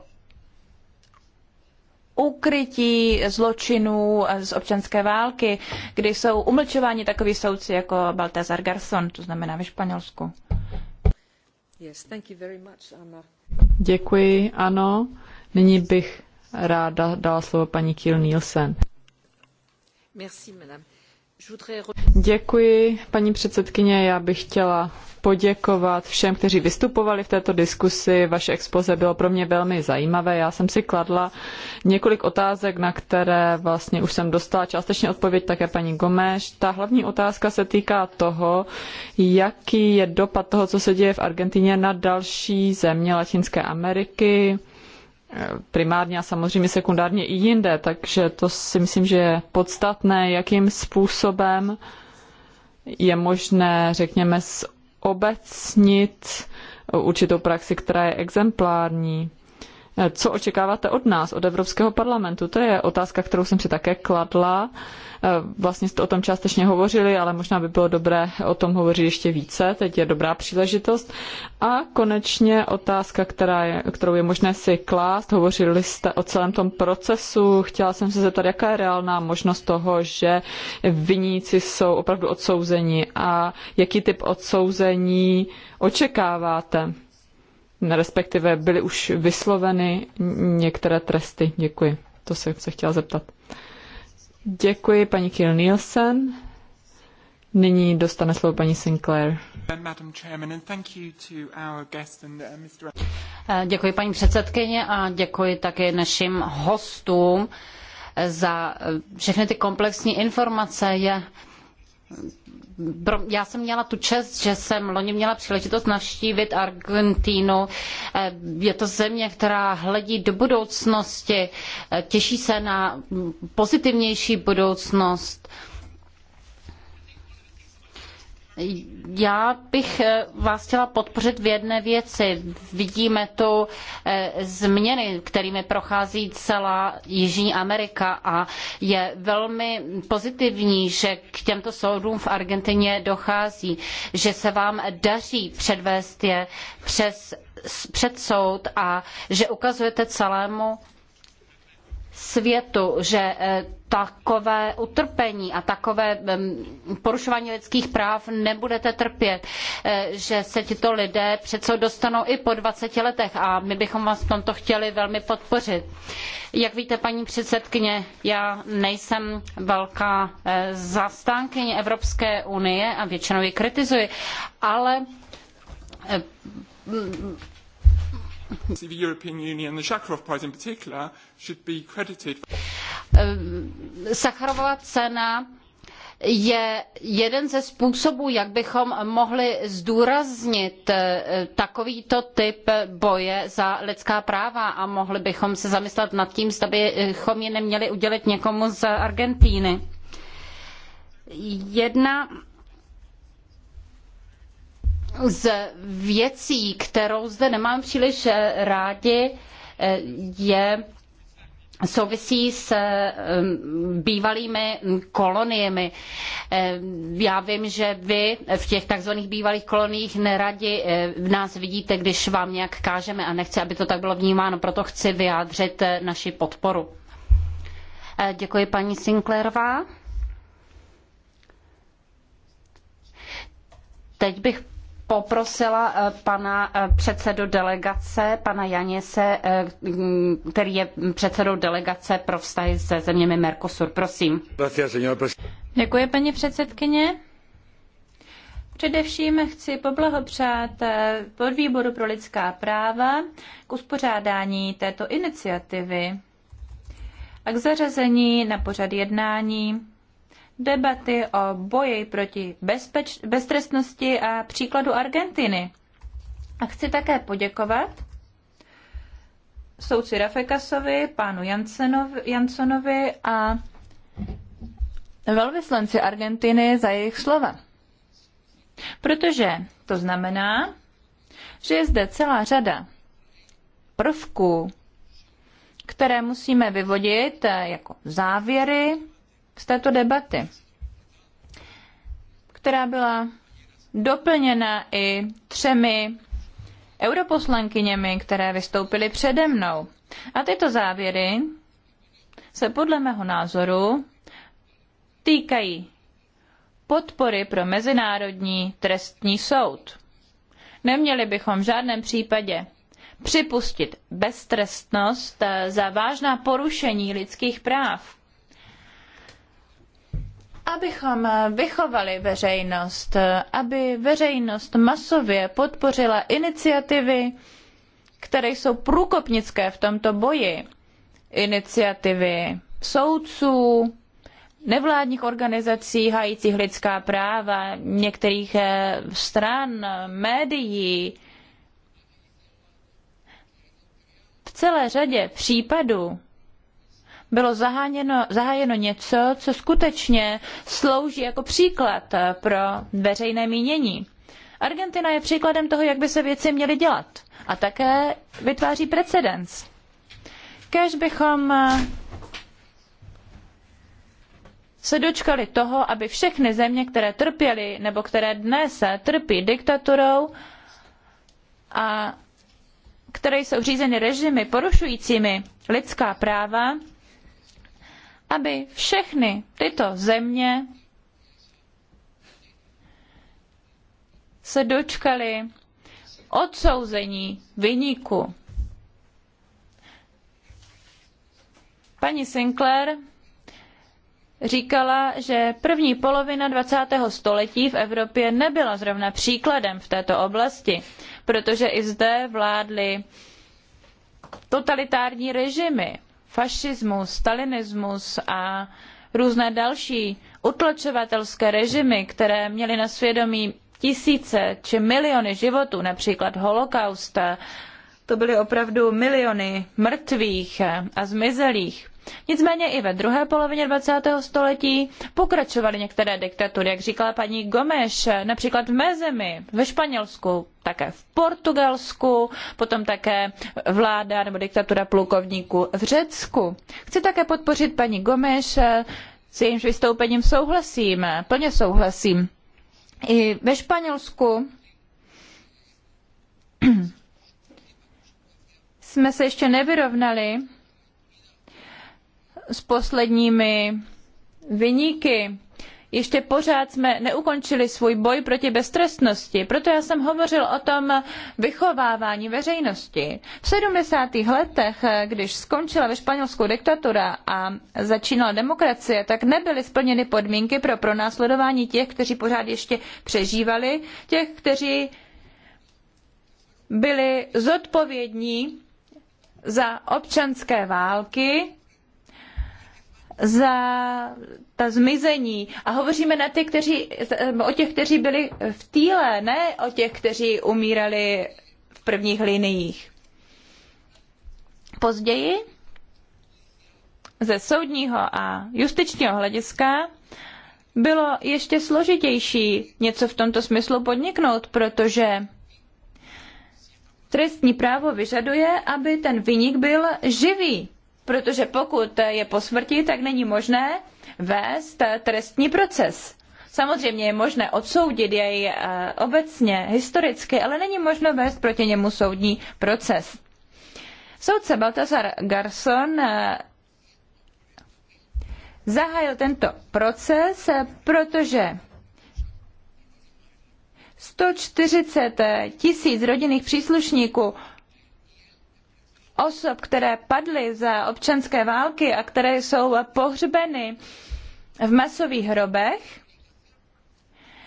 ukrytí zločinů z občanské války, kdy jsou umlčováni takoví soudci jako Baltazar Garson, to znamená ve Španělsku. Yes, much, Anna. Děkuji, ano. Nyní bych ráda dala slovo paní Kiel Nielsen. Děkuji, paní předsedkyně. Já bych chtěla poděkovat všem, kteří vystupovali v této diskusi. Vaše expoze bylo pro mě velmi zajímavé. Já jsem si kladla několik otázek, na které vlastně už jsem dostala částečně odpověď také paní Gomeš. Ta hlavní otázka se týká toho, jaký je dopad toho, co se děje v Argentině na další země Latinské Ameriky primárně a samozřejmě sekundárně i jinde, takže to si myslím, že je podstatné, jakým způsobem je možné, řekněme, obecnit určitou praxi, která je exemplární. Co očekáváte od nás, od Evropského parlamentu? To je otázka, kterou jsem si také kladla Eh, vlastně jste o tom částečně hovořili, ale možná by bylo dobré o tom hovořit ještě více. Teď je dobrá příležitost. A konečně otázka, která je, kterou je možné si klást. Hovořili jste o celém tom procesu. Chtěla jsem se zeptat, jaká je reálná možnost toho, že viníci jsou opravdu odsouzeni a jaký typ odsouzení očekáváte? respektive byly už vysloveny některé tresty. Děkuji. To jsem se chtěla zeptat. Děkuji paní Kiel Nielsen. Nyní dostane slovo paní Sinclair. Uh, eh, děkuji paní předsedkyně a děkuji také našim hostům eh, za eh, všechny ty komplexní informace. Je já jsem měla tu čest, že jsem loni měla příležitost navštívit Argentínu. Eh, je to země, která hledí do budoucnosti, eh, těší se na pozitivnější budoucnost. Já bych eh, vás chtěla podpořit v jedné věci. Vidíme tu eh, změny, kterými prochází celá Jižní Amerika a je velmi pozitivní, že k těmto soudům v Argentině dochází, že se vám daří předvést je přes, před soud a že ukazujete celému světu, že eh, takové utrpení a takové porušování lidských práv nebudete trpět, eh, že se tito lidé přece dostanou i po 20 letech a my bychom vás v tomto chtěli velmi podpořit. Jak víte, paní předsedkyně, já nejsem velká eh, zastánkyně Evropské unie a většinou ji kritizuji, ale Sacharovova cena je jeden ze způsobů, jak bychom mohli zdůraznit eh, takovýto typ boje za lidská práva a mohli bychom se zamyslet nad tím, zda bychom ji neměli udělit někomu z Argentíny. Jedna z věcí, kterou zde nemám příliš rádi, je souvisí s um, bývalými koloniemi. Um, já vím, že vy v těch takzvaných bývalých koloniích neradi uh, v nás vidíte, když vám nějak kážeme a nechci, aby to tak bylo vnímáno, proto chci vyjádřit uh, naši podporu. Uh, děkuji paní Sinclairová. Teď bych poprosila eh, pana eh, předsedu delegace, pana Janěse, eh, který je předsedou delegace pro vztahy se zeměmi Mercosur. Prosím. Děkuji, paní předsedkyně. Především chci poblahopřát podvýboru pro lidská práva k uspořádání této iniciativy a k zařazení na pořad jednání debaty o boji proti bezpeč- beztrestnosti a příkladu Argentiny. A chci také poděkovat souci Rafekasovi, pánu Jansonovi a velvyslanci Argentiny za jejich slova. Protože to znamená, že je zde celá řada prvků, které musíme vyvodit eh, jako závěry z této debaty, která byla doplněna i třemi europoslankyněmi, které vystoupily přede mnou. A tyto závěry se podle mého názoru týkají podpory pro Mezinárodní trestní soud. Neměli bychom v žádném případě připustit beztrestnost eh, za vážná porušení lidských práv abychom vychovali veřejnost, aby veřejnost masově podpořila iniciativy, které jsou průkopnické v tomto boji. Iniciativy soudců, nevládních organizací hájících lidská práva, některých eh, stran, médií. V celé řadě případů bylo zaháněno, zahájeno něco, co skutečně slouží jako příklad eh, pro veřejné mínění. Argentina je příkladem toho, jak by se věci měly dělat. A také vytváří precedens. Kež bychom eh, se dočkali toho, aby všechny země, které trpěly nebo které dnes trpí diktaturou a které jsou řízeny režimy porušujícími lidská práva, aby všechny tyto země se dočkali odsouzení vyniku. Paní Sinclair říkala, že první polovina 20. století v Evropě nebyla zrovna příkladem v této oblasti, protože i zde vládly totalitární režimy, fašismus, stalinismus a různé další utlačovatelské režimy, které měly na svědomí tisíce či miliony životů, například holokaust, to byly opravdu miliony mrtvých a zmizelých. Nicméně i ve druhé polovině 20. století pokračovaly některé diktatury, jak říkala paní Gomes, například v mé zemi, ve Španělsku, také v Portugalsku, potom také vláda nebo diktatura plukovníků v Řecku. Chci také podpořit paní Gomes, s jejímž vystoupením souhlasím, plně souhlasím. I ve Španělsku jsme se ještě nevyrovnali s posledními vyníky. Ještě pořád jsme neukončili svůj boj proti beztrestnosti, proto já jsem hovořil o tom vychovávání veřejnosti. V 70. letech, když skončila ve Španělsku diktatura a začínala demokracie, tak nebyly splněny podmínky pro pronásledování těch, kteří pořád ještě přežívali, těch, kteří byli zodpovědní za občanské války za ta zmizení a hovoříme na ty, kteří, o těch, kteří byli v týle, ne o těch, kteří umírali v prvních liniích. Později ze soudního a justičního hlediska bylo ještě složitější něco v tomto smyslu podniknout, protože trestní právo vyžaduje, aby ten vynik byl živý protože pokud je po smrti, tak není možné vést trestní proces. Samozřejmě je možné odsoudit jej eh, obecně, historicky, ale není možno vést proti němu soudní proces. Soudce Baltasar Garson eh, zahájil tento proces, eh, protože 140 tisíc rodinných příslušníků osob, které padly za občanské války a které jsou pohřbeny v masových hrobech,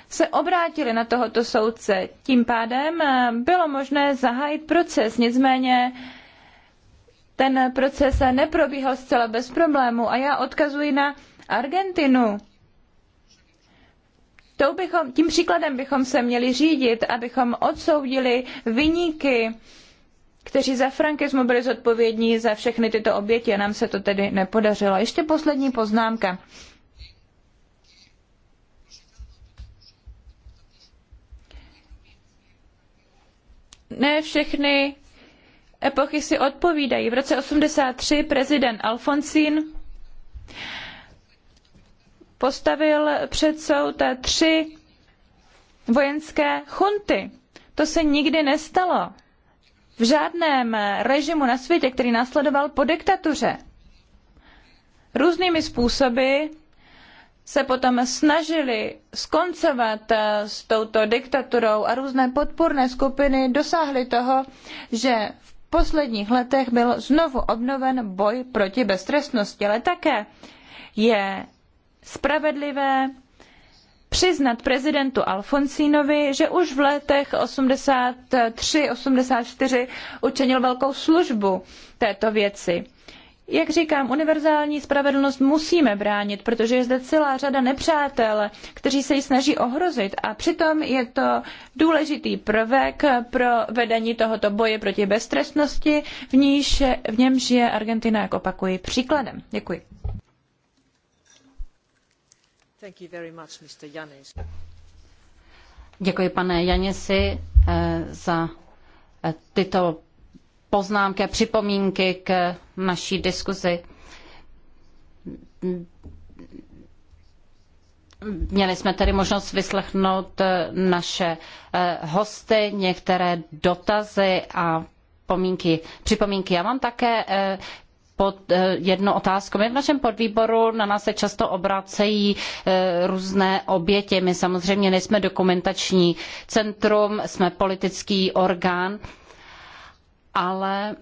se obrátili na tohoto soudce. Tím pádem eh, bylo možné zahájit proces, nicméně ten proces neprobíhal zcela bez problému a já odkazuji na Argentinu. Bychom, tím příkladem bychom se měli řídit, abychom odsoudili vyníky kteří za frankismu byli zodpovědní za všechny tyto oběti a nám se to tedy nepodařilo. Ještě poslední poznámka. Ne všechny epochy si odpovídají. V roce 83 prezident Alfonsín postavil před soud tři vojenské chunty. To se nikdy nestalo v žádném režimu na světě, který následoval po diktatuře. Různými způsoby se potom snažili skoncovat s touto diktaturou a různé podpůrné skupiny dosáhly toho, že v posledních letech byl znovu obnoven boj proti beztrestnosti, ale také je spravedlivé přiznat prezidentu Alfonsínovi, že už v letech 83-84 učinil velkou službu této věci. Jak říkám, univerzální spravedlnost musíme bránit, protože je zde celá řada nepřátel, kteří se ji snaží ohrozit a přitom je to důležitý prvek pro vedení tohoto boje proti beztrestnosti, v, níž, v němž je Argentina, jak opakuji, příkladem. Děkuji. Děkuji, pane Janisi, eh, za eh, tyto poznámky a připomínky k naší diskuzi. Měli jsme tedy možnost vyslechnout eh, naše hosty, některé dotazy a pomínky, připomínky. Já mám také pod eh, jednu otázku. My v našem podvýboru na nás se často obracejí eh, různé oběti. My samozřejmě nejsme dokumentační centrum, jsme politický orgán, ale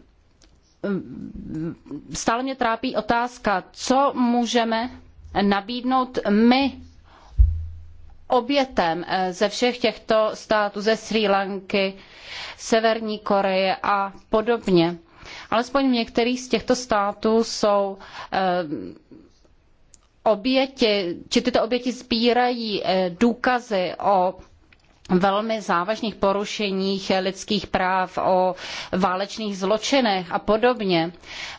mm, stále mě trápí otázka, co můžeme nabídnout my obětem eh, ze všech těchto států, ze Srí Lanky, Severní Koreje a podobně. Alespoň v některých z těchto států jsou eh, oběti, či tyto oběti sbírají eh, důkazy o velmi závažných porušeních lidských práv, o válečných zločinech a podobně.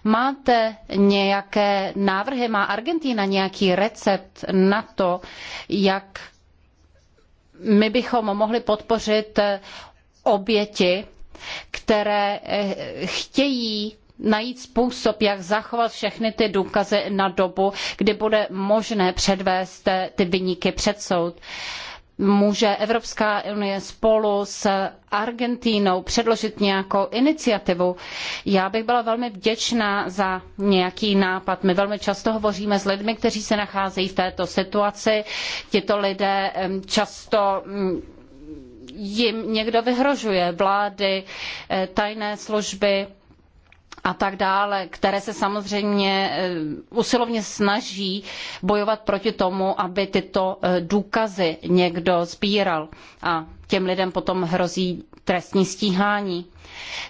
Máte nějaké návrhy, má Argentina nějaký recept na to, jak my bychom mohli podpořit eh, oběti které eh, chtějí najít způsob, jak zachovat všechny ty důkazy na dobu, kdy bude možné předvést eh, ty vyníky před soud může Evropská unie spolu s Argentínou předložit nějakou iniciativu. Já bych byla velmi vděčná za nějaký nápad. My velmi často hovoříme s lidmi, kteří se nacházejí v této situaci. Tito lidé často mm, jim někdo vyhrožuje, vlády, eh, tajné služby a tak dále, které se samozřejmě eh, usilovně snaží bojovat proti tomu, aby tyto eh, důkazy někdo sbíral a těm lidem potom hrozí trestní stíhání.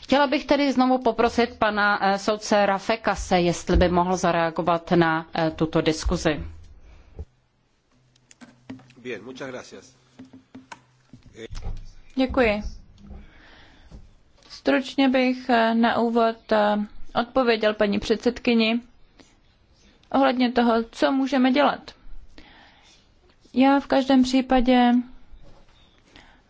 Chtěla bych tedy znovu poprosit pana soudce Rafekase, jestli by mohl zareagovat na tuto diskuzi. Bien, muchas gracias. Děkuji. Stručně bych eh, na úvod eh, odpověděl paní předsedkyni ohledně toho, co můžeme dělat. Já v každém případě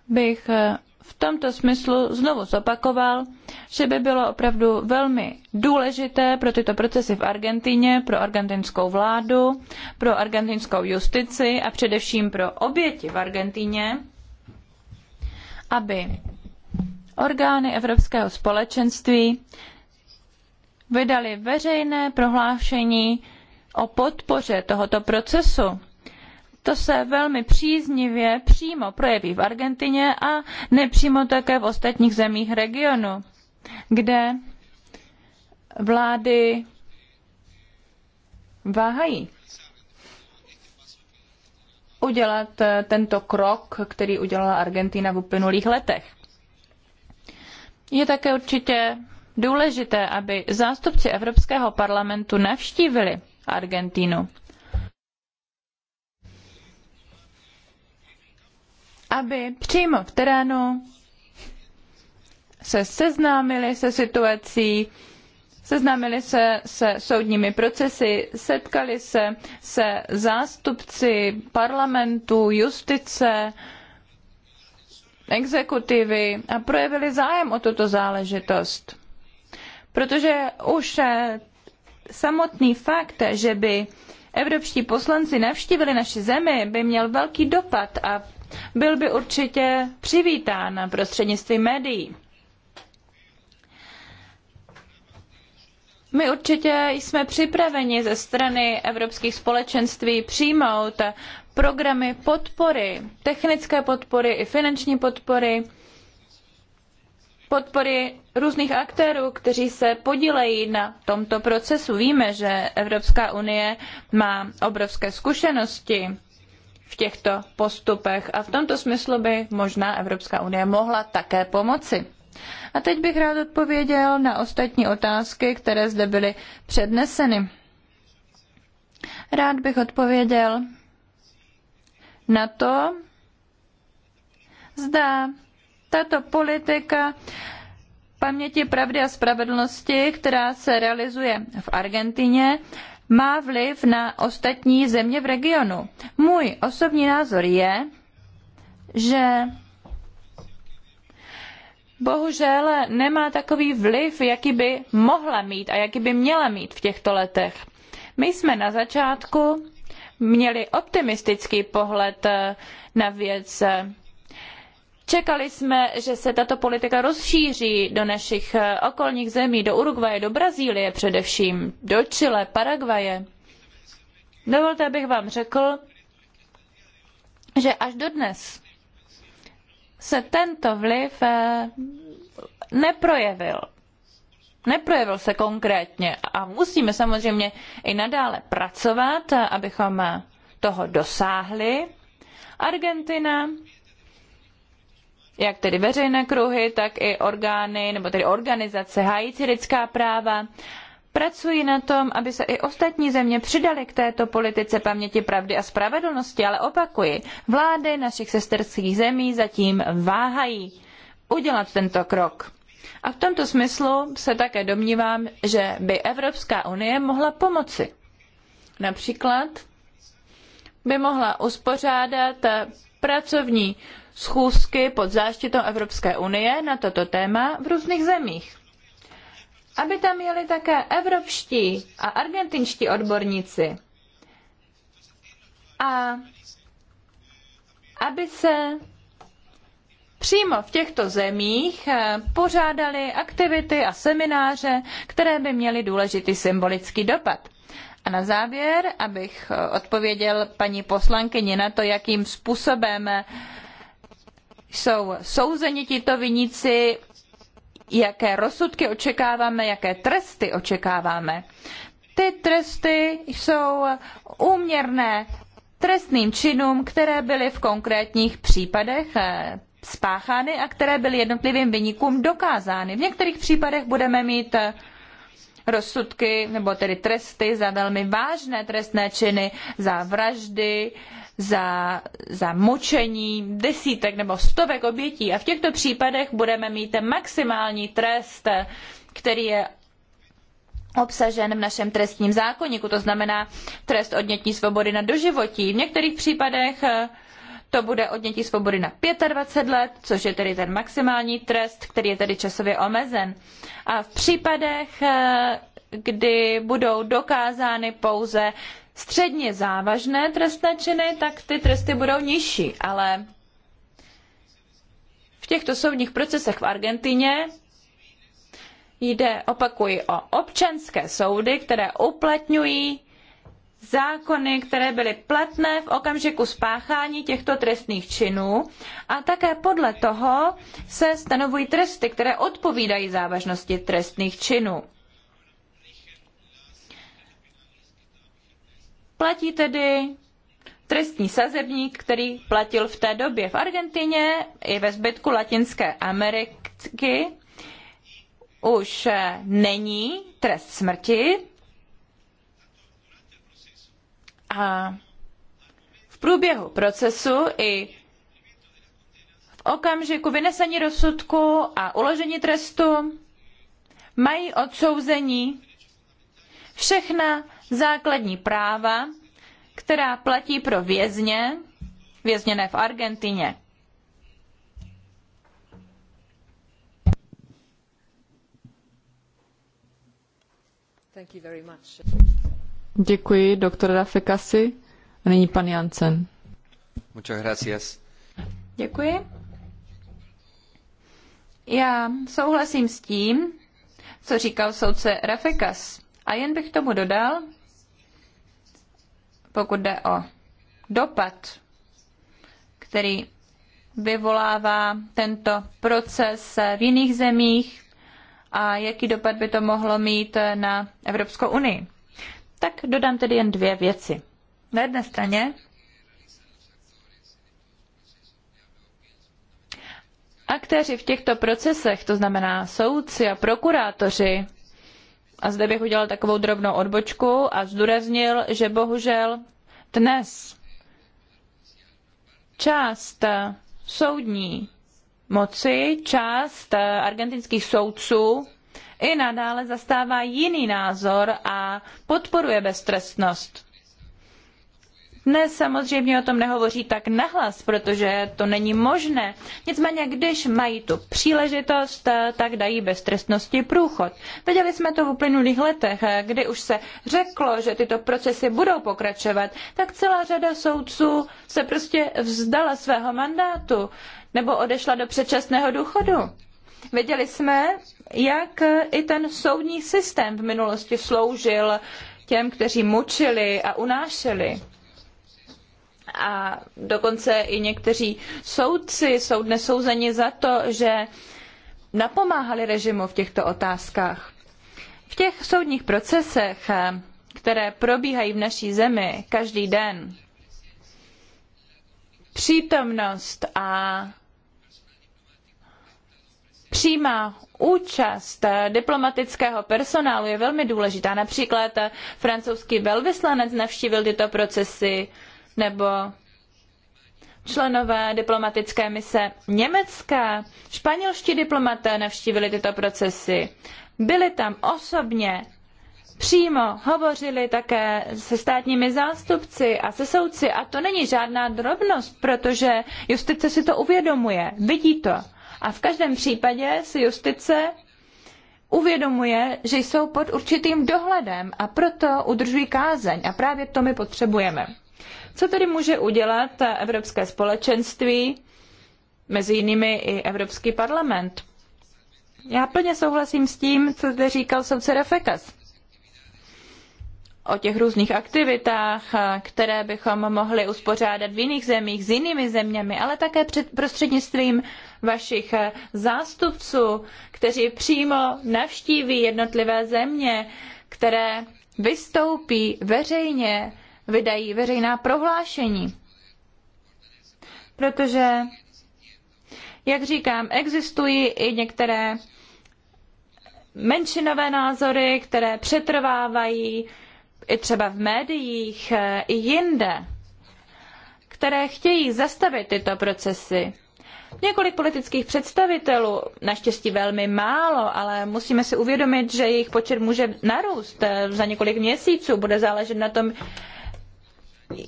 bych eh, v tomto smyslu znovu zopakoval, že by bylo opravdu velmi důležité pro tyto procesy v Argentině, pro argentinskou vládu, pro argentinskou justici a především pro oběti v Argentině, aby orgány Evropského společenství vydali veřejné prohlášení o podpoře tohoto procesu. To se velmi příznivě přímo projeví v Argentině a nepřímo také v ostatních zemích regionu, kde vlády váhají udělat eh, tento krok, který udělala Argentina v uplynulých letech. Je také určitě důležité, aby zástupci Evropského parlamentu navštívili Argentínu. Aby přímo v terénu se seznámili se situací, Seznámili se se soudními procesy, setkali se se zástupci parlamentu, justice, exekutivy a projevili zájem o tuto záležitost. Protože už eh, samotný fakt, že by evropští poslanci navštívili naši zemi, by měl velký dopad a byl by určitě přivítán prostřednictvím médií. My určitě jsme připraveni ze strany evropských společenství přijmout programy podpory, technické podpory i finanční podpory, podpory různých aktérů, kteří se podílejí na tomto procesu. Víme, že Evropská unie má obrovské zkušenosti v těchto postupech a v tomto smyslu by možná Evropská unie mohla také pomoci. A teď bych rád odpověděl na ostatní otázky, které zde byly předneseny. Rád bych odpověděl na to, zda tato politika paměti pravdy a spravedlnosti, která se realizuje v Argentině, má vliv na ostatní země v regionu. Můj osobní názor je, že bohužel nemá takový vliv, jaký by mohla mít a jaký by měla mít v těchto letech. My jsme na začátku měli optimistický pohled eh, na věc. Čekali jsme, že se tato politika rozšíří do našich eh, okolních zemí, do Uruguaje, do Brazílie především, do Chile, Paraguaje. Dovolte, abych vám řekl, že až dodnes se tento vliv eh, neprojevil. Neprojevil se konkrétně a musíme samozřejmě i nadále pracovat, eh, abychom eh, toho dosáhli. Argentina, jak tedy veřejné kruhy, tak i orgány nebo tedy organizace hájící lidská práva, pracují na tom, aby se i ostatní země přidaly k této politice paměti, pravdy a spravedlnosti, ale opakuji, vlády našich sesterských zemí zatím váhají udělat tento krok. A v tomto smyslu se také domnívám, že by Evropská unie mohla pomoci. Například by mohla uspořádat pracovní schůzky pod záštitou Evropské unie na toto téma v různých zemích aby tam jeli také evropští a argentinští odborníci a aby se přímo v těchto zemích eh, pořádaly aktivity a semináře, které by měly důležitý symbolický dopad. A na závěr, abych eh, odpověděl paní poslankyni na to, jakým způsobem eh, jsou souzeni tito viníci jaké rozsudky očekáváme, jaké tresty očekáváme. Ty tresty jsou úměrné trestným činům, které byly v konkrétních případech eh, spáchány a které byly jednotlivým vynikům dokázány. V některých případech budeme mít eh, rozsudky nebo tedy tresty za velmi vážné trestné činy, za vraždy, za, za mučení desítek nebo stovek obětí. A v těchto případech budeme mít ten maximální trest, který je obsažen v našem trestním zákoníku, to znamená trest odnětí svobody na doživotí. V některých případech eh, to bude odnětí svobody na 25 let, což je tedy ten maximální trest, který je tedy časově omezen. A v případech, eh, kdy budou dokázány pouze středně závažné trestné činy, tak ty tresty budou nižší, ale v těchto soudních procesech v Argentině jde, opakuji, o občanské soudy, které uplatňují zákony, které byly platné v okamžiku spáchání těchto trestných činů a také podle toho se stanovují tresty, které odpovídají závažnosti trestných činů. Platí tedy trestní sazebník, který platil v té době v Argentině i ve zbytku Latinské Ameriky. Už eh, není trest smrti. A v průběhu procesu i v okamžiku vynesení rozsudku a uložení trestu mají odsouzení všechna základní práva, která platí pro vězně, vězněné v Argentině. Děkuji, doktor Rafekasi, A nyní pan Jansen. Muchas gracias. Děkuji. Já souhlasím s tím, co říkal soudce Rafekas. A jen bych tomu dodal, pokud jde o dopad, který vyvolává tento proces v jiných zemích a jaký dopad by to mohlo mít na Evropskou unii. Tak dodám tedy jen dvě věci. Na jedné straně aktéři v těchto procesech, to znamená soudci a prokurátoři, a zde bych udělal takovou drobnou odbočku a zdůraznil, že bohužel dnes část soudní moci, část argentinských soudců i nadále zastává jiný názor a podporuje beztrestnost. Dnes samozřejmě o tom nehovoří tak nahlas, protože to není možné. Nicméně, když mají tu příležitost, tak dají beztrestnosti průchod. Viděli jsme to v uplynulých letech, kdy už se řeklo, že tyto procesy budou pokračovat, tak celá řada soudců se prostě vzdala svého mandátu nebo odešla do předčasného důchodu. Věděli jsme, jak i ten soudní systém v minulosti sloužil těm, kteří mučili a unášeli a dokonce i někteří soudci jsou dnes souzeni za to, že napomáhali režimu v těchto otázkách. V těch soudních procesech, které probíhají v naší zemi každý den, přítomnost a přímá účast diplomatického personálu je velmi důležitá. Například francouzský velvyslanec navštívil tyto procesy, nebo členové diplomatické mise Německa, španělští diplomaté navštívili tyto procesy. Byli tam osobně, přímo hovořili také se státními zástupci a se soudci. A to není žádná drobnost, protože justice si to uvědomuje, vidí to. A v každém případě si justice uvědomuje, že jsou pod určitým dohledem a proto udržují kázeň. A právě to my potřebujeme. Co tedy může udělat Evropské společenství, mezi jinými i Evropský parlament? Já plně souhlasím s tím, co zde říkal soudce Refekas o těch různých aktivitách, které bychom mohli uspořádat v jiných zemích, s jinými zeměmi, ale také před, prostřednictvím vašich zástupců, kteří přímo navštíví jednotlivé země, které vystoupí veřejně vydají veřejná prohlášení. Protože, jak říkám, existují i některé menšinové názory, které přetrvávají i třeba v médiích, e, i jinde, které chtějí zastavit tyto procesy. Několik politických představitelů, naštěstí velmi málo, ale musíme si uvědomit, že jejich počet může narůst e, za několik měsíců. Bude záležet na tom,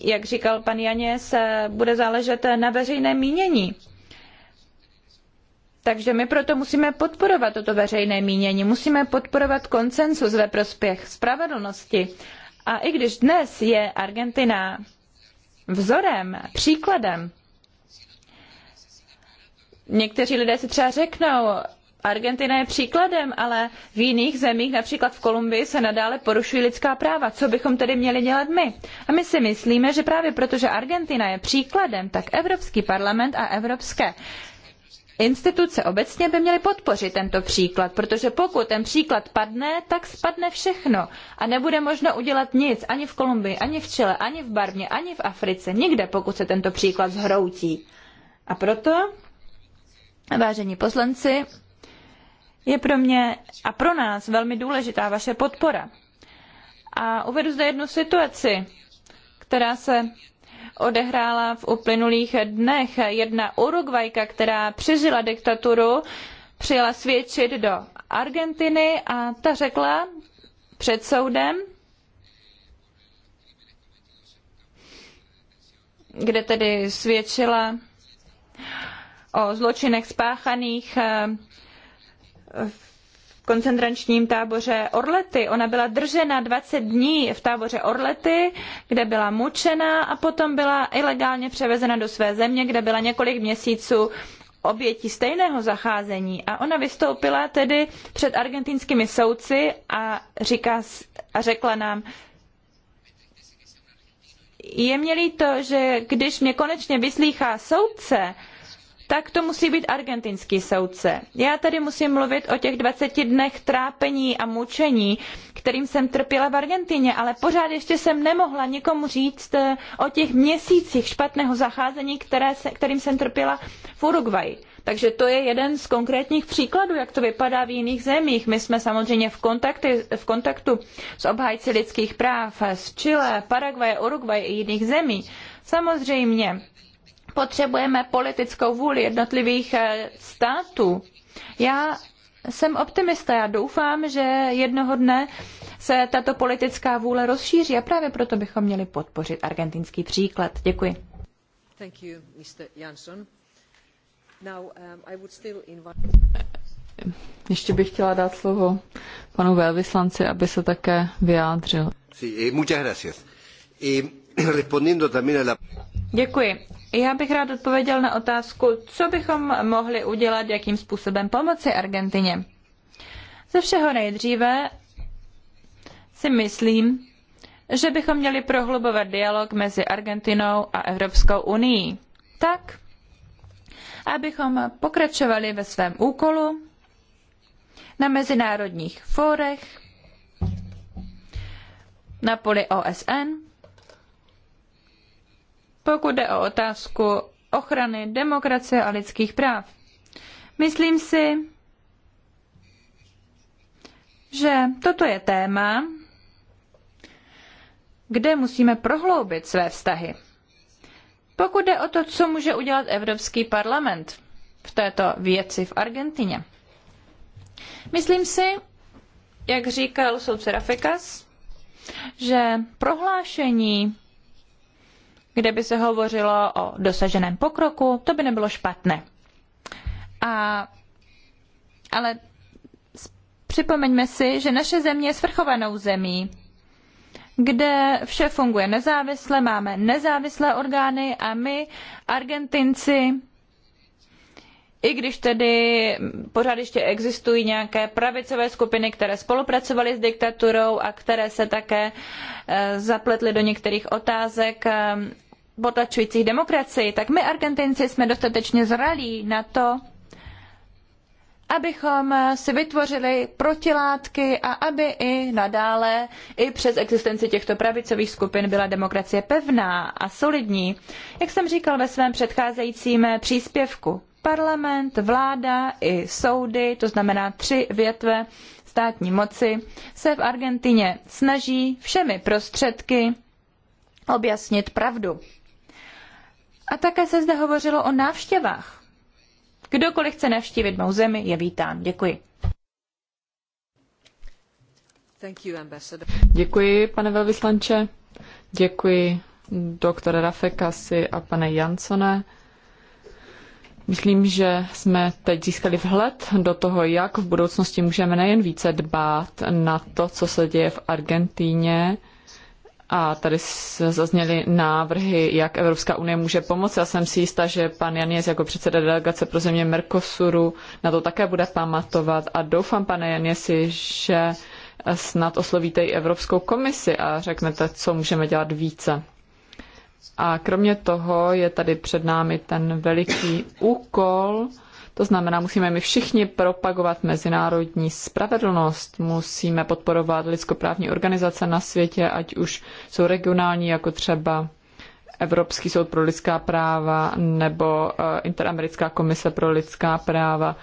jak říkal pan Janěs, bude záležet na veřejném mínění. Takže my proto musíme podporovat toto veřejné mínění, musíme podporovat konsensus ve prospěch spravedlnosti. A i když dnes je Argentina vzorem, příkladem, někteří lidé si třeba řeknou, Argentina je příkladem, ale v jiných zemích, například v Kolumbii, se nadále porušují lidská práva. Co bychom tedy měli dělat my? A my si myslíme, že právě protože Argentina je příkladem, tak Evropský parlament a evropské instituce obecně by měly podpořit tento příklad, protože pokud ten příklad padne, tak spadne všechno a nebude možno udělat nic ani v Kolumbii, ani v Chile, ani v Barmě, ani v Africe, nikde, pokud se tento příklad zhroutí. A proto, vážení poslanci, je pro mě a pro nás velmi důležitá vaše podpora. A uvedu zde jednu situaci, která se odehrála v uplynulých dnech. Jedna Urugvajka, která přežila diktaturu, přijela svědčit do Argentiny a ta řekla před soudem, kde tedy svědčila o zločinech spáchaných eh, v koncentračním táboře Orlety. Ona byla držena 20 dní v táboře Orlety, kde byla mučena a potom byla ilegálně převezena do své země, kde byla několik měsíců obětí stejného zacházení a ona vystoupila tedy před argentinskými soudci a, říká, a řekla nám, je mě líto, že když mě konečně vyslýchá soudce, tak to musí být argentinský soudce. Já tady musím mluvit o těch 20 dnech trápení a mučení, kterým jsem trpěla v Argentině, ale pořád ještě jsem nemohla nikomu říct eh, o těch měsících špatného zacházení, které se, kterým jsem trpěla v Uruguayi. Takže to je jeden z konkrétních příkladů, jak to vypadá v jiných zemích. My jsme samozřejmě v, kontakty, v kontaktu s obhájci lidských práv eh, z Chile, Paraguaje, Uruguaye i jiných zemí. Samozřejmě, Potřebujeme politickou vůli jednotlivých eh, států. Já jsem optimista, já doufám, že jednoho dne se tato politická vůle rozšíří a právě proto bychom měli podpořit argentinský příklad. Děkuji. You, Now, um, invite... Ještě bych chtěla dát slovo panu velvyslanci, aby se také vyjádřil. Eh, eh, Děkuji. Já bych rád odpověděl na otázku, co bychom mohli udělat, jakým způsobem pomoci Argentině. Ze všeho nejdříve si myslím, že bychom měli prohlubovat dialog mezi Argentinou a Evropskou unii. Tak, abychom pokračovali ve svém úkolu na mezinárodních fórech, na poli OSN pokud jde o otázku ochrany demokracie a lidských práv. Myslím si, že toto je téma, kde musíme prohloubit své vztahy. Pokud jde o to, co může udělat Evropský parlament v této věci v Argentině. Myslím si, jak říkal soudce Rafikas, že prohlášení kde by se hovořilo o dosaženém pokroku, to by nebylo špatné. A, ale připomeňme si, že naše země je svrchovanou zemí, kde vše funguje nezávisle, máme nezávislé orgány a my, Argentinci, i když tedy pořád ještě existují nějaké pravicové skupiny, které spolupracovaly s diktaturou a které se také eh, zapletly do některých otázek eh, potlačujících demokracii, tak my Argentinci jsme dostatečně zralí na to, abychom eh, si vytvořili protilátky a aby i nadále, i přes existenci těchto pravicových skupin byla demokracie pevná a solidní, jak jsem říkal ve svém předcházejícím příspěvku parlament, vláda i soudy, to znamená tři větve státní moci, se v Argentině snaží všemi prostředky objasnit pravdu. A také se zde hovořilo o návštěvách. Kdokoliv chce navštívit mou zemi, je vítán. Děkuji. You, Děkuji, pane velvyslanče. Děkuji doktore Rafekasi a pane Jansone. Myslím, že jsme teď získali vhled do toho, jak v budoucnosti můžeme nejen více dbát na to, co se děje v Argentíně, a tady zazněly návrhy, jak Evropská unie může pomoci. Já jsem si jistá, že pan Janěz jako předseda delegace pro země Mercosuru na to také bude pamatovat a doufám, pane Janěsi, že snad oslovíte i Evropskou komisi a řeknete, co můžeme dělat více. A kromě toho je tady před námi ten veliký úkol, to znamená, musíme my všichni propagovat mezinárodní spravedlnost, musíme podporovat lidskoprávní organizace na světě, ať už jsou regionální, jako třeba Evropský soud pro lidská práva nebo eh, Interamerická komise pro lidská práva.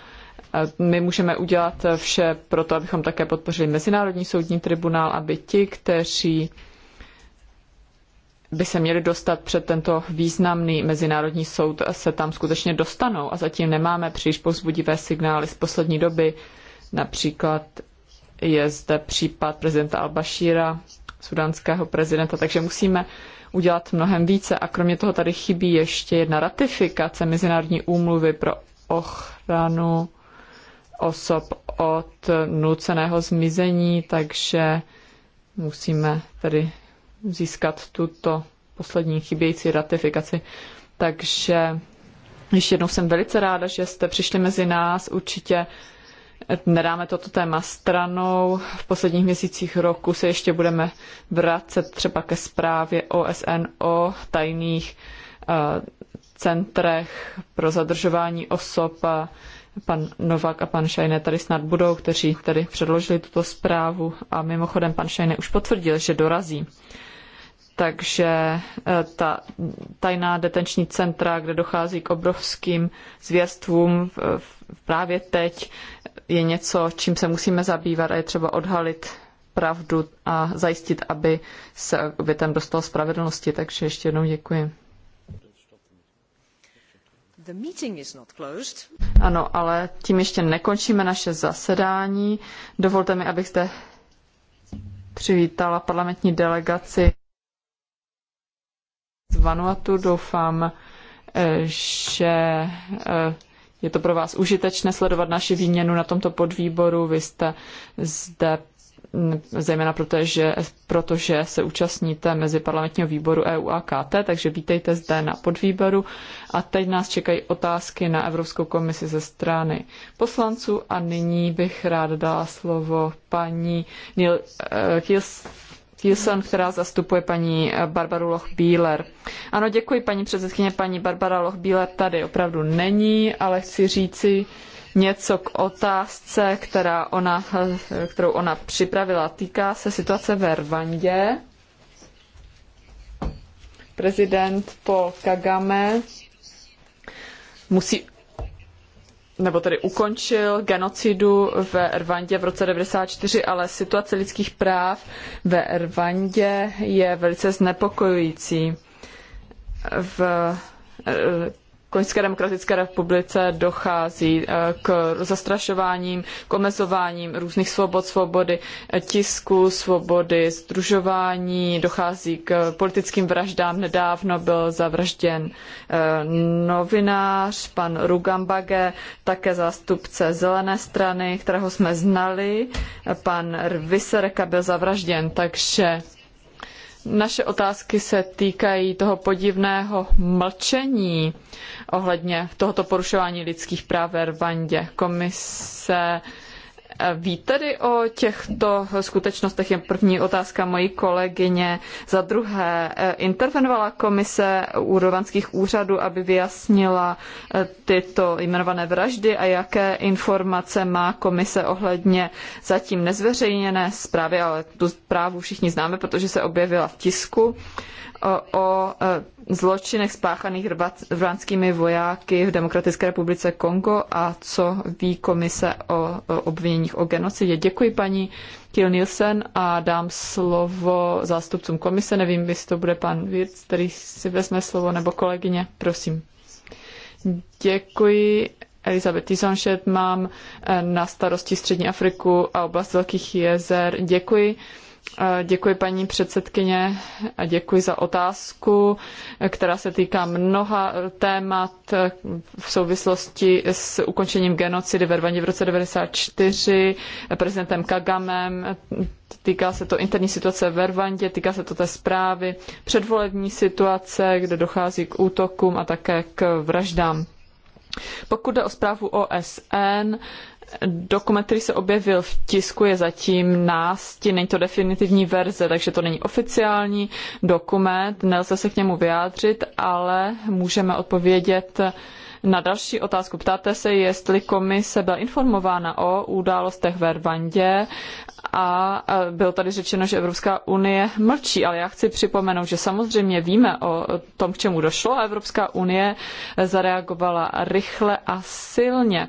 Eh, my můžeme udělat eh, vše pro to, abychom také podpořili Mezinárodní soudní tribunál, aby ti, kteří by se měli dostat před tento významný mezinárodní soud, se tam skutečně dostanou a zatím nemáme příliš povzbudivé signály z poslední doby. Například je zde případ prezidenta Al-Bashira, sudánského prezidenta, takže musíme udělat mnohem více. A kromě toho tady chybí ještě jedna ratifikace Mezinárodní úmluvy pro ochranu osob od nuceného zmizení, takže musíme tady získat tuto poslední chybějící ratifikaci. Takže ještě jednou jsem velice ráda, že jste přišli mezi nás. Určitě nedáme toto téma stranou. V posledních měsících roku se ještě budeme vracet třeba ke zprávě OSN o tajných eh, centrech pro zadržování osob. A pan Novak a pan Šajne tady snad budou, kteří tady předložili tuto zprávu. A mimochodem pan Šajne už potvrdil, že dorazí. Takže eh, ta tajná detenční centra, kde dochází k obrovským zvěstvům právě teď, je něco, čím se musíme zabývat a je třeba odhalit pravdu a zajistit, aby se obětem dostal spravedlnosti. Takže ještě jednou děkuji. Ano, ale tím ještě nekončíme naše zasedání. Dovolte mi, abych zde přivítala parlamentní delegaci z Vanuatu. Doufám, eh, že eh, je to pro vás užitečné sledovat naši výměnu na tomto podvýboru. Vy jste zde mm, zejména proto, že, protože se účastníte meziparlamentního výboru EU a KT, takže vítejte zde na podvýboru. A teď nás čekají otázky na Evropskou komisi ze strany poslanců a nyní bych rád dala slovo paní Nil uh, Tilson, která zastupuje paní eh, Barbaru Lochbíler. Ano, děkuji paní předsedkyně, paní Barbara Lochbíler tady opravdu není, ale chci říci něco k otázce, která ona, eh, kterou ona připravila. Týká se situace ve Rwandě. Prezident Paul Kagame musí nebo tedy ukončil genocidu v Rwandě v roce 94, ale situace lidských práv ve Rwandě je velice znepokojující. V Koňské demokratické republice dochází eh, k zastrašováním, k omezováním různých svobod, svobody eh, tisku, svobody združování, dochází k politickým vraždám. Nedávno byl zavražděn eh, novinář, pan Rugambage, také zástupce Zelené strany, kterého jsme znali. Pan Viserka byl zavražděn, takže naše otázky se týkají toho podivného mlčení ohledně tohoto porušování lidských práv ve Rwandě. Komise Ví tedy o těchto skutečnostech je první otázka mojí kolegyně. Za druhé, e, intervenovala komise u rovanských úřadů, aby vyjasnila e, tyto jmenované vraždy a jaké informace má komise ohledně zatím nezveřejněné zprávy, ale tu zprávu všichni známe, protože se objevila v tisku o e, zločinech spáchaných rvánskými vojáky v Demokratické republice Kongo a co ví komise o obviněních o genocidě. Děkuji paní Kiel Nielsen a dám slovo zástupcům komise. Nevím, jestli to bude pan Wirtz, který si vezme slovo, nebo kolegyně. Prosím. Děkuji. Elizabeth Tisonšet mám e, na starosti Střední Afriku a oblast Velkých jezer. Děkuji. Děkuji paní předsedkyně a děkuji za otázku, která se týká mnoha témat v souvislosti s ukončením genocidy ve Rwandě v roce 1994 prezidentem Kagamem. Týká se to interní situace ve Rwandě, týká se to té zprávy, předvolební situace, kde dochází k útokům a také k vraždám. Pokud jde o zprávu OSN, Dokument, který se objevil v tisku, je zatím násti, není to definitivní verze, takže to není oficiální dokument, nelze se k němu vyjádřit, ale můžeme odpovědět na další otázku. Ptáte se, jestli komise byla informována o událostech ve Rwandě a bylo tady řečeno, že Evropská unie mlčí, ale já chci připomenout, že samozřejmě víme o tom, k čemu došlo a Evropská unie zareagovala rychle a silně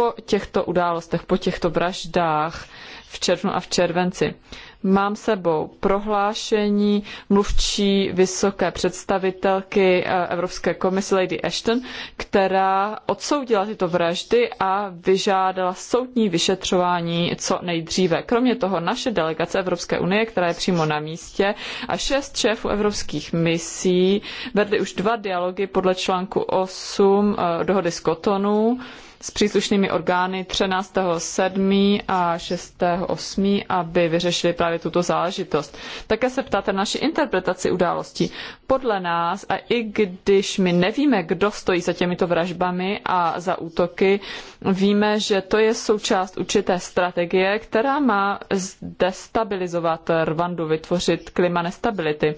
po těchto událostech, po těchto vraždách v červnu a v červenci. Mám sebou prohlášení mluvčí vysoké představitelky eh, Evropské komise Lady Ashton, která odsoudila tyto vraždy a vyžádala soudní vyšetřování co nejdříve. Kromě toho naše delegace Evropské unie, která je přímo na místě, a šest šéfů evropských misí vedly už dva dialogy podle článku 8 eh, dohody z Kotonu, s příslušnými orgány 13.7. a 6.8., aby vyřešili právě tuto záležitost. Také se ptáte na naši interpretaci událostí. Podle nás, a i když my nevíme, kdo stojí za těmito vražbami a za útoky, víme, že to je součást určité strategie, která má destabilizovat Rwandu, vytvořit klima nestability.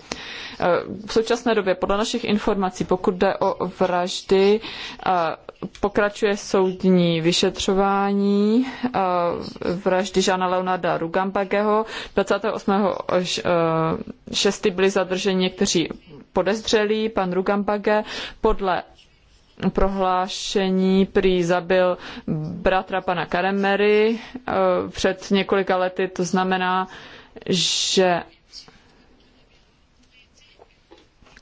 V současné době, podle našich informací, pokud jde o vraždy, pokračuje soud mezinárodní vyšetřování eh, vraždy Žana Leonarda Rugambageho. 28.6. Eh, byli zadrženi někteří podezřelí, pan Rugambage podle prohlášení prý zabil bratra pana Karemery eh, před několika lety, to znamená, že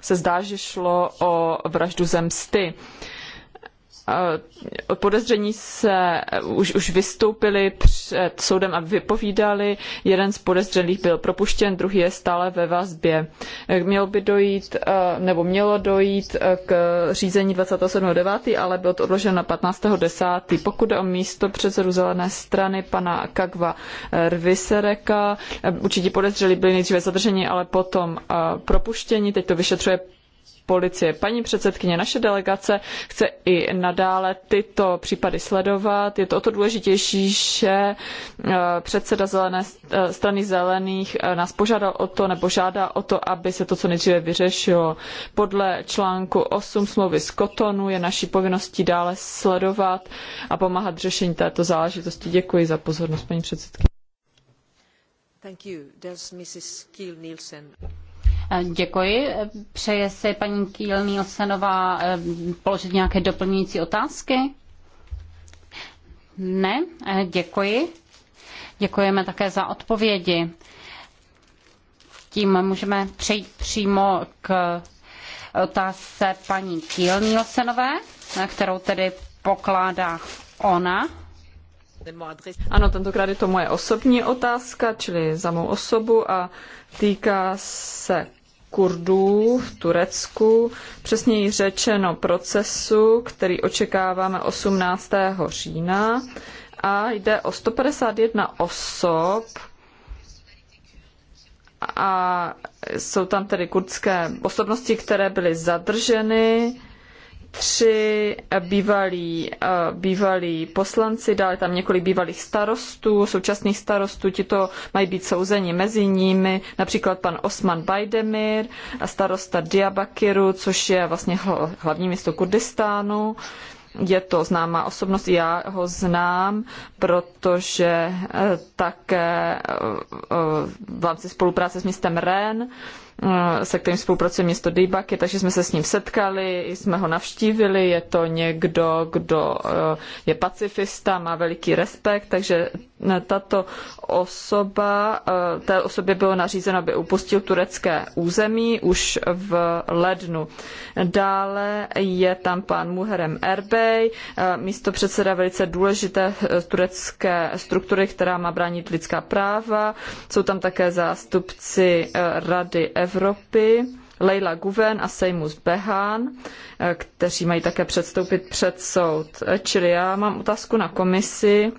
se zdá, že šlo o vraždu zemsty podezření se eh, už, už vystoupili před soudem a vypovídali. Jeden z podezřelých byl propuštěn, druhý je stále ve vazbě. Eh, mělo by dojít, eh, nebo mělo dojít k řízení 27.9., ale bylo to odloženo na 15.10. Pokud jde o místo předsedu zelené strany pana Kagva Rvisereka, určitě podezřelí byli nejdříve zadrženi, ale potom propuštěni. Teď to vyšetřuje policie. Paní předsedkyně, naše delegace chce i nadále tyto případy sledovat. Je to o to důležitější, že eh, předseda zelené, eh, strany zelených eh, nás požádal o to, nebo žádá o to, aby se to co nejdříve vyřešilo. Podle článku 8 smlouvy z Kotonu je naší povinností dále sledovat a pomáhat řešení této záležitosti. Děkuji za pozornost, paní předsedkyně. Děkuji. Přeje si paní Kýl Nielsenová eh, položit nějaké doplňující otázky? Ne, eh, děkuji. Děkujeme také za odpovědi. Tím můžeme přejít přímo k otázce paní Kýl Nielsenové, eh, kterou tedy pokládá ona. Ano, tentokrát je to moje osobní otázka, čili za mou osobu a týká se Kurdů v Turecku, přesněji řečeno procesu, který očekáváme 18. října. A jde o 151 osob, a jsou tam tedy kurdské osobnosti, které byly zadrženy tři bývalí, eh, bývalí poslanci, dále tam několik bývalých starostů, současných starostů, ti to mají být souzeni mezi nimi, například pan Osman Bajdemir a starosta Diabakiru, což je vlastně hlavní město Kurdistánu. Je to známá osobnost, já ho znám, protože eh, také eh, v rámci spolupráce s městem Rennes Eh, se kterým spolupracuje město Dybaky, takže jsme se s ním setkali, jsme ho navštívili, je to někdo, kdo eh, je pacifista, má veliký respekt, takže eh, tato osoba, té osobě bylo nařízeno, aby upustil turecké území už v lednu. Dále je tam pan Muherem Erbej, místo předseda velice důležité turecké struktury, která má bránit lidská práva. Jsou tam také zástupci Rady Evropy Evropy, Leila Guven a Seymus Behan, eh, kteří mají také předstoupit před soud. Eh, čili já mám otázku na komisi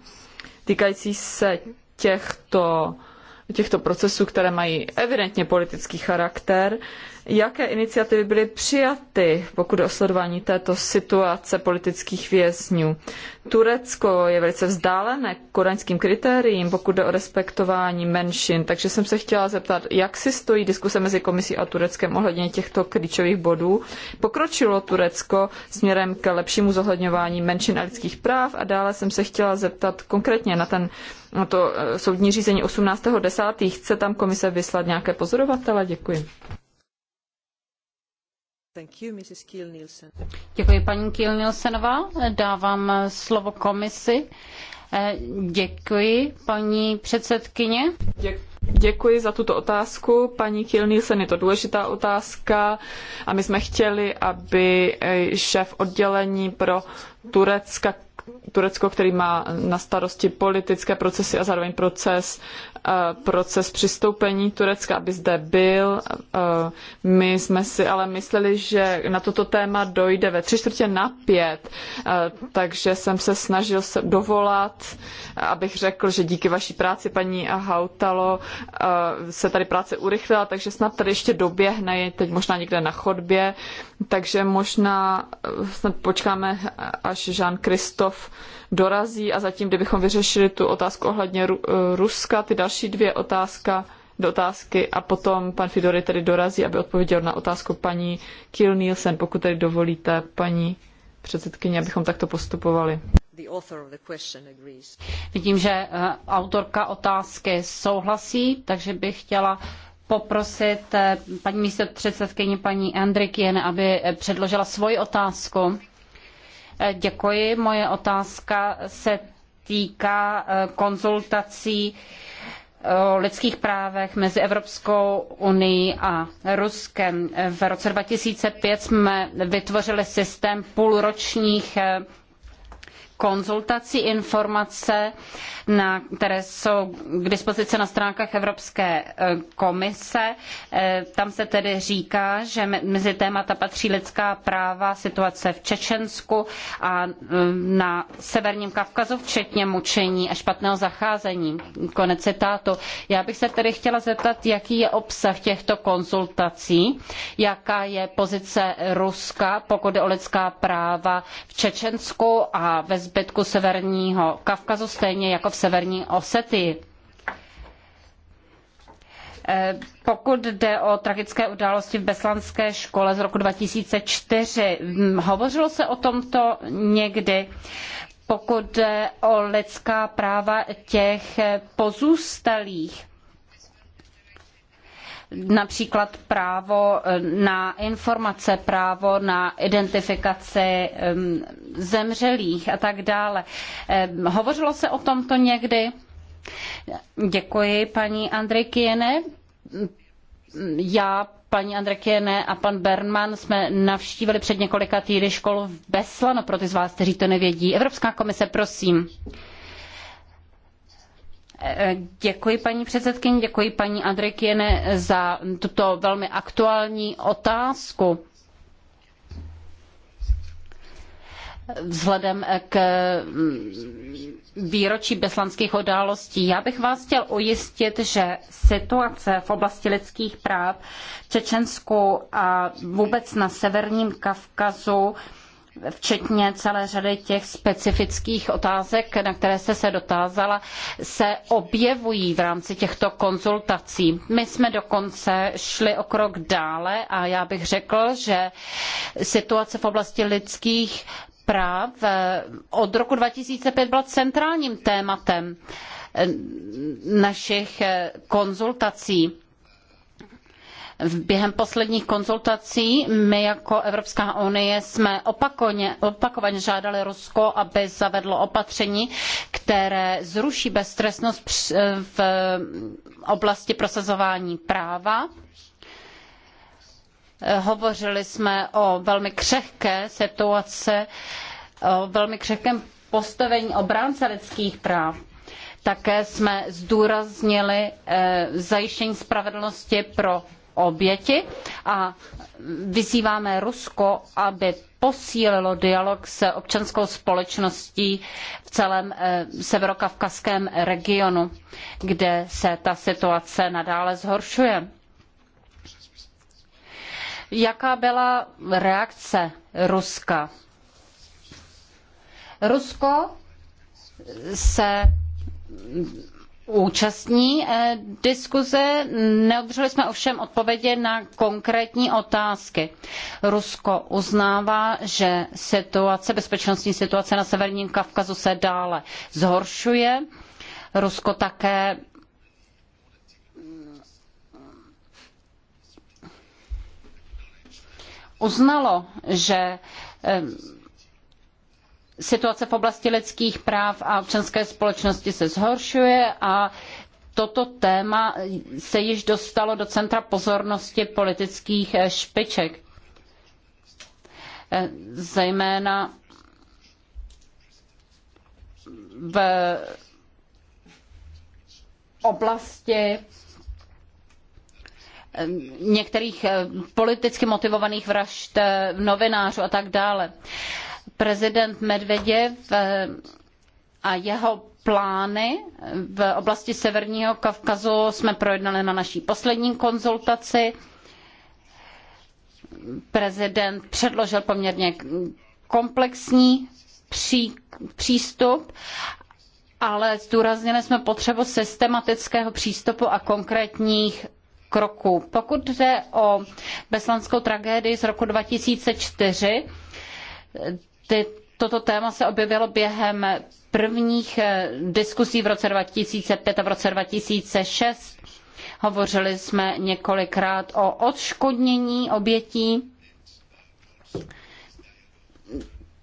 týkající se těchto těchto procesů, které mají evidentně politický charakter. Jaké iniciativy byly přijaty, pokud o sledování této situace politických vězňů? Turecko je velice vzdálené koreňským kritériím, pokud jde o respektování menšin, takže jsem se chtěla zeptat, jak si stojí diskuse mezi komisí a Tureckem ohledně těchto klíčových bodů. Pokročilo Turecko směrem k lepšímu zohledňování menšin a lidských práv a dále jsem se chtěla zeptat konkrétně na ten na no to e, soudní řízení 18.10. Chce tam komise vyslat nějaké pozorovatele? Děkuji. You, Děkuji paní Kiel Nielsenová. Dávám slovo komisi. E, děkuji, paní předsedkyně. Děkuji za tuto otázku. Paní Kilnilsen, je to důležitá otázka a my jsme chtěli, aby e, šéf oddělení pro Turecka Turecko, který má na starosti politické procesy a zároveň proces Eh, proces přistoupení Turecka, aby zde byl. Eh, my jsme si ale mysleli, že na toto téma dojde ve tři čtvrtě na pět, eh, takže jsem se snažil se dovolat, abych řekl, že díky vaší práci, paní Hautalo, se tady práce urychlila, takže snad tady ještě doběhne, je teď možná někde na chodbě, takže možná snad počkáme, až Jean-Christophe dorazí a zatím, kdybychom vyřešili tu otázku ohledně eh, Ruska, ty další dvě otázka, otázky a potom pan Fidori tedy dorazí, aby odpověděl na otázku paní Kill Nielsen, pokud tedy dovolíte, paní předsedkyně, abychom takto postupovali. Vidím, že eh, autorka otázky souhlasí, takže bych chtěla poprosit eh, paní místo paní Andrikiene, aby předložila svoji otázku. Děkuji. Moje otázka se týká eh, konzultací eh, o lidských právech mezi Evropskou unií a Ruskem. V roce 2005 jsme vytvořili systém půlročních eh, konzultací informace, na, které jsou k dispozici na stránkách Evropské e, komise. E, tam se tedy říká, že mezi témata patří lidská práva, situace v Čečensku a e, na severním Kavkazu, včetně mučení a špatného zacházení. Konec citátu. Já bych se tedy chtěla zeptat, jaký je obsah těchto konzultací, jaká je pozice Ruska, pokud je o lidská práva v Čečensku a ve zbytku severního Kavkazu, stejně jako v severní Osetii. E, pokud jde o tragické události v Beslanské škole z roku 2004, hovořilo se o tomto někdy? Pokud jde o lidská práva těch pozůstalých, například právo eh, na informace, právo na identifikaci zemřelých a tak dále. Hovořilo se o tomto někdy? Děkuji, paní Andrekiene. Já, paní Andrekiene a pan Bernman jsme navštívili před několika týdny školu v Beslano. pro ty z vás, kteří to nevědí. Evropská komise, prosím. Uh, Děkuji paní předsedkyni, děkuji paní Andrikiene za tuto velmi aktuální otázku. Vzhledem k výročí beslanských událostí, já bych vás chtěl ujistit, že situace v oblasti lidských práv v Čečensku a vůbec na severním Kavkazu včetně celé řady těch specifických otázek, na které jste se dotázala, se objevují v rámci těchto konzultací. My jsme dokonce šli o krok dále a já bych řekl, že situace v oblasti lidských práv eh, od roku 2005 byla centrálním tématem eh, našich eh, konzultací Během posledních konzultací my jako Evropská unie jsme opakovaně, opakovaně žádali Rusko, aby zavedlo opatření, které zruší beztrestnost v oblasti prosazování práva. Hovořili jsme o velmi křehké situaci, o velmi křehkém postavení obránce lidských práv. Také jsme zdůraznili eh, zajištění spravedlnosti pro oběti a vyzýváme Rusko, aby posílilo dialog s občanskou společností v celém eh, severokavkazském regionu, kde se ta situace nadále zhoršuje. Jaká byla reakce Ruska? Rusko se účastní eh, diskuze. Neobdrželi jsme ovšem odpovědi na konkrétní otázky. Rusko uznává, že situace, bezpečnostní situace na severním Kavkazu se dále zhoršuje. Rusko také uznalo, že eh, situace v oblasti lidských práv a občanské společnosti se zhoršuje a toto téma se již dostalo do centra pozornosti politických eh, špiček. Eh, zejména v oblasti eh, některých politicky motivovaných vražd novinářů a tak dále prezident Medveděv eh, a jeho plány v oblasti Severního Kavkazu jsme projednali na naší poslední konzultaci. Prezident předložil poměrně komplexní pří, přístup, ale zdůraznili jsme potřebu systematického přístupu a konkrétních kroků. Pokud jde o beslanskou tragédii z roku 2004, toto téma se objevilo během prvních eh, diskusí v roce 2005 a v roce 2006. Hovořili jsme několikrát o odškodnění obětí.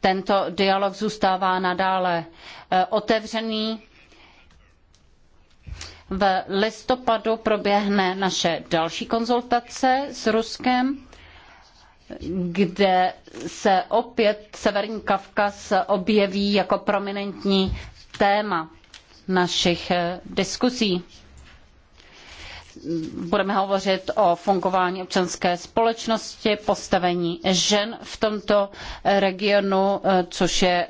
Tento dialog zůstává nadále eh, otevřený. V listopadu proběhne naše další konzultace s Ruskem kde se opět Severní Kavkaz objeví jako prominentní téma našich eh, diskusí. Budeme hovořit o fungování občanské společnosti, postavení žen v tomto eh, regionu, eh, což je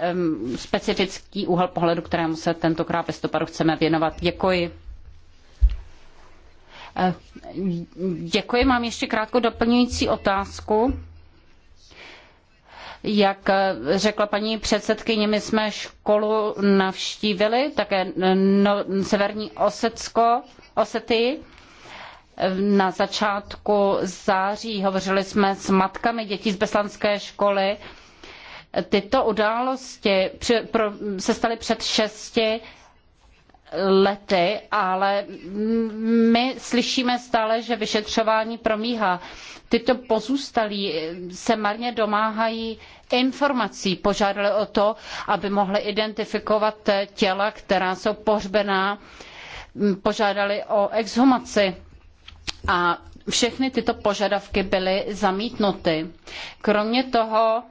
specifický úhel pohledu, kterému se tentokrát v listopadu chceme věnovat. Děkuji. Eh, děkuji, mám ještě krátkou doplňující otázku. Jak eh, řekla paní předsedkyně, my jsme školu navštívili, také eh, no, severní Osecko, Osety. Na začátku září hovořili jsme s matkami dětí z Beslanské školy. Tyto události se staly před šesti lety, ale my slyšíme stále, že vyšetřování promíhá. Tyto pozůstalí se marně domáhají informací. Požádali o to, aby mohli identifikovat těla, která jsou pohřbená. Požádali o exhumaci. A všechny tyto požadavky byly zamítnuty. Kromě toho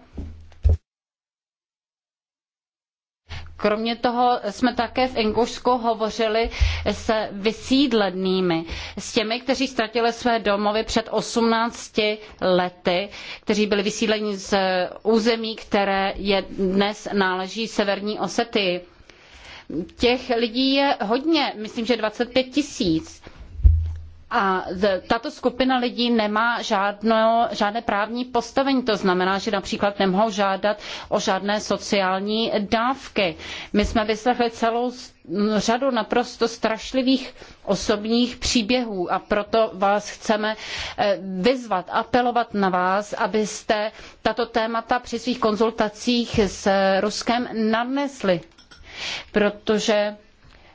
Kromě toho jsme také v Ingušsku hovořili s vysídlenými, s těmi, kteří ztratili své domovy před 18 lety, kteří byli vysídleni z území, které je dnes náleží Severní Osetii. Těch lidí je hodně, myslím, že 25 tisíc a tato skupina lidí nemá žádno, žádné právní postavení, to znamená, že například nemohou žádat o žádné sociální dávky. My jsme vyslechli celou řadu naprosto strašlivých osobních příběhů a proto vás chceme eh, vyzvat, apelovat na vás, abyste tato témata při svých konzultacích s Ruskem nadnesli, protože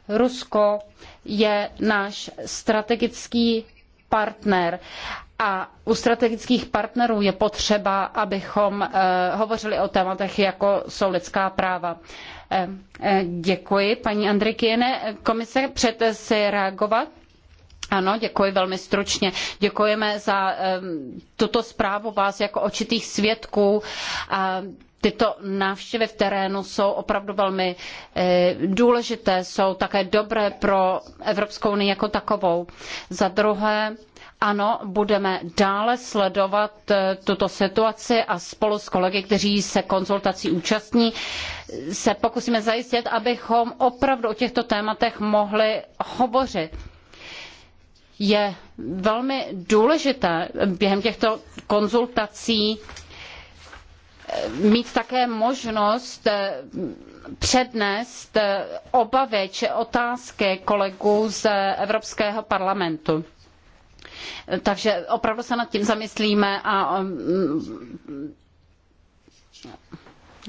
Rusko je náš strategický partner. A u strategických partnerů je potřeba, abychom eh, hovořili o tématech, jako jsou lidská práva. Eh, eh, děkuji, paní Andrikiene. Komise, přejete si reagovat? Ano, děkuji velmi stručně. Děkujeme za tuto zprávu vás jako očitých svědků. Uh, tyto návštěvy v terénu jsou opravdu velmi eh, důležité, jsou také dobré pro Evropskou unii jako takovou. Za druhé, ano, budeme dále sledovat eh, tuto situaci a spolu s kolegy, kteří se konzultací účastní, se pokusíme zajistit, abychom opravdu o těchto tématech mohli hovořit je velmi důležité během těchto konzultací mít také možnost eh, přednést eh, obavy či otázky kolegů z Evropského parlamentu. Takže opravdu se nad tím zamyslíme a mm,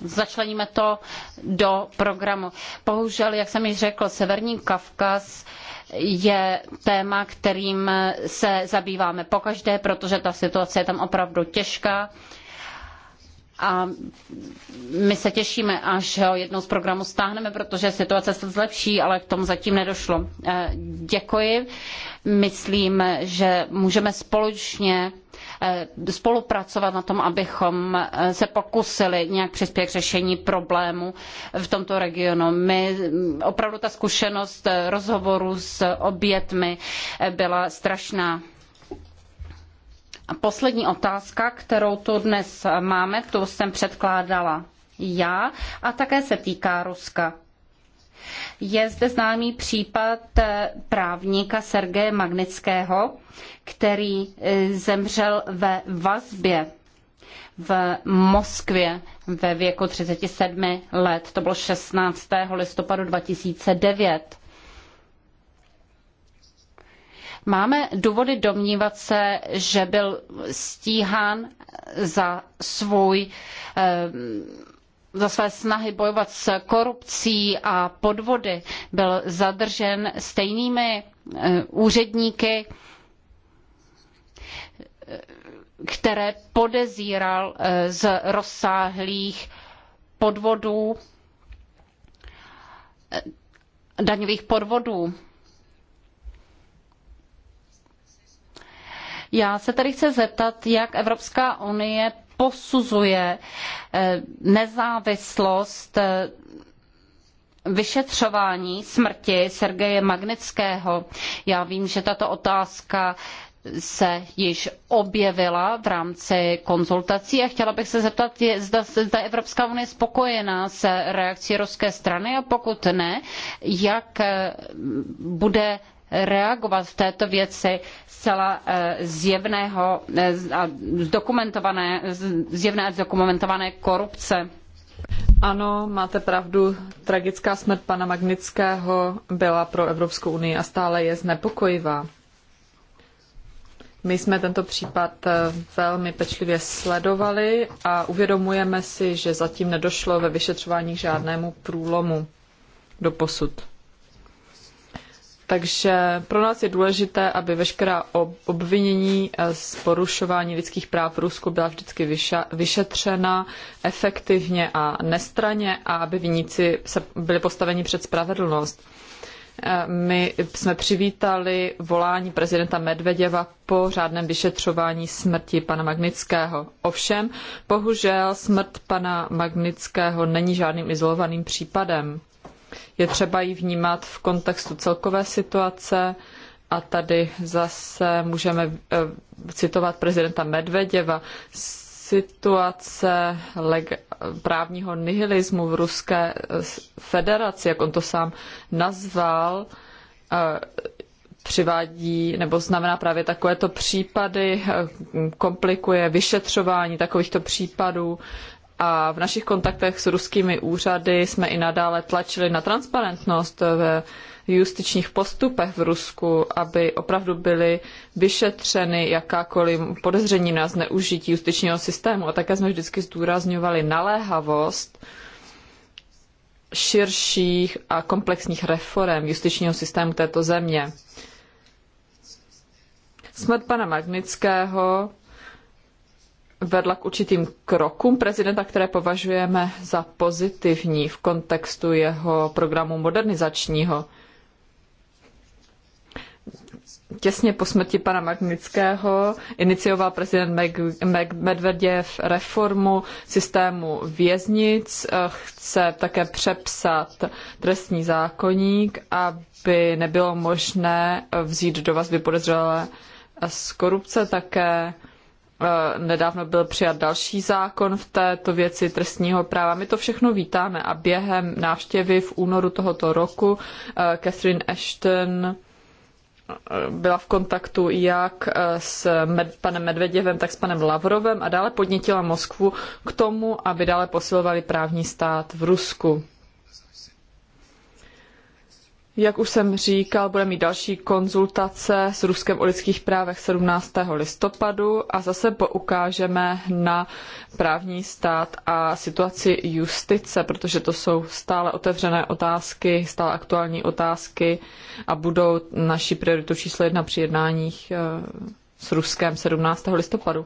začleníme to do programu. Bohužel, jak jsem již řekl, Severní Kavkaz je téma, kterým se zabýváme pokaždé, protože ta situace je tam opravdu těžká a my se těšíme, až ho jednou z programu stáhneme, protože situace se zlepší, ale k tomu zatím nedošlo. Eh, děkuji. Myslím, že můžeme společně eh, spolupracovat na tom, abychom eh, se pokusili nějak přispět k řešení problému v tomto regionu. My, mm, opravdu ta zkušenost rozhovoru s obětmi byla strašná poslední otázka, kterou tu dnes máme, tu jsem předkládala já a také se týká Ruska. Je zde známý případ eh, právníka Sergeje Magnického, který eh, zemřel ve vazbě v Moskvě ve věku 37 let. To bylo 16. listopadu 2009. Máme důvody domnívat se, že byl stíhán za svůj eh, za své snahy bojovat s korupcí a podvody byl zadržen stejnými eh, úředníky, eh, které podezíral z rozsáhlých podvodů, daňových podvodů. Já se tedy chci zeptat, jak Evropská unie posuzuje eh, nezávislost eh, vyšetřování smrti Sergeje Magnického. Já vím, že tato otázka se již objevila v rámci konzultací a chtěla bych se zeptat, je, zda, zda Evropská unie spokojená s reakcí ruské strany a pokud ne, jak eh, bude reagovat v této věci zcela eh, zjevného eh, a zdokumentované, zjevné a zdokumentované korupce. Ano, máte pravdu. Tragická smrt pana Magnického byla pro Evropskou unii a stále je znepokojivá. My jsme tento případ eh, velmi pečlivě sledovali a uvědomujeme si, že zatím nedošlo ve vyšetřování k žádnému průlomu do posud. Takže pro nás je důležité, aby veškerá obvinění eh, z porušování lidských práv v Rusku byla vždycky vyšetřena efektivně a nestraně a aby viníci byli postaveni před spravedlnost. Eh, my jsme přivítali volání prezidenta Medveděva po řádném vyšetřování smrti pana Magnického. Ovšem, bohužel smrt pana Magnického není žádným izolovaným případem. Je třeba ji vnímat v kontextu celkové situace a tady zase můžeme eh, citovat prezidenta Medveděva. Situace právního nihilismu v Ruské eh, federaci, jak on to sám nazval, eh, přivádí nebo znamená právě takovéto případy, komplikuje vyšetřování takovýchto případů a v našich kontaktech s ruskými úřady jsme i nadále tlačili na transparentnost ve justičních postupech v Rusku, aby opravdu byly vyšetřeny jakákoliv podezření na zneužití justičního systému. A také jsme vždycky zdůrazňovali naléhavost širších a komplexních reform justičního systému této země. Smrt pana Magnického vedla k určitým krokům prezidenta, které považujeme za pozitivní v kontextu jeho programu modernizačního. Těsně po smrti pana Magnického inicioval prezident Medveděv reformu systému věznic, chce také přepsat trestní zákoník, aby nebylo možné vzít do vazby podezřelé z korupce také Eh, nedávno byl přijat další zákon v této věci trestního práva. My to všechno vítáme a během návštěvy v únoru tohoto roku eh, Catherine Ashton eh, byla v kontaktu jak s med, panem Medveděvem, tak s panem Lavrovem a dále podnítila Moskvu k tomu, aby dále posilovali právní stát v Rusku. Jak už jsem říkal, bude mít další konzultace s Ruskem o lidských právech 17. listopadu a zase poukážeme na právní stát a situaci justice, protože to jsou stále otevřené otázky, stále aktuální otázky a budou naší prioritu číslo jedna při jednáních eh, s Ruskem 17. listopadu.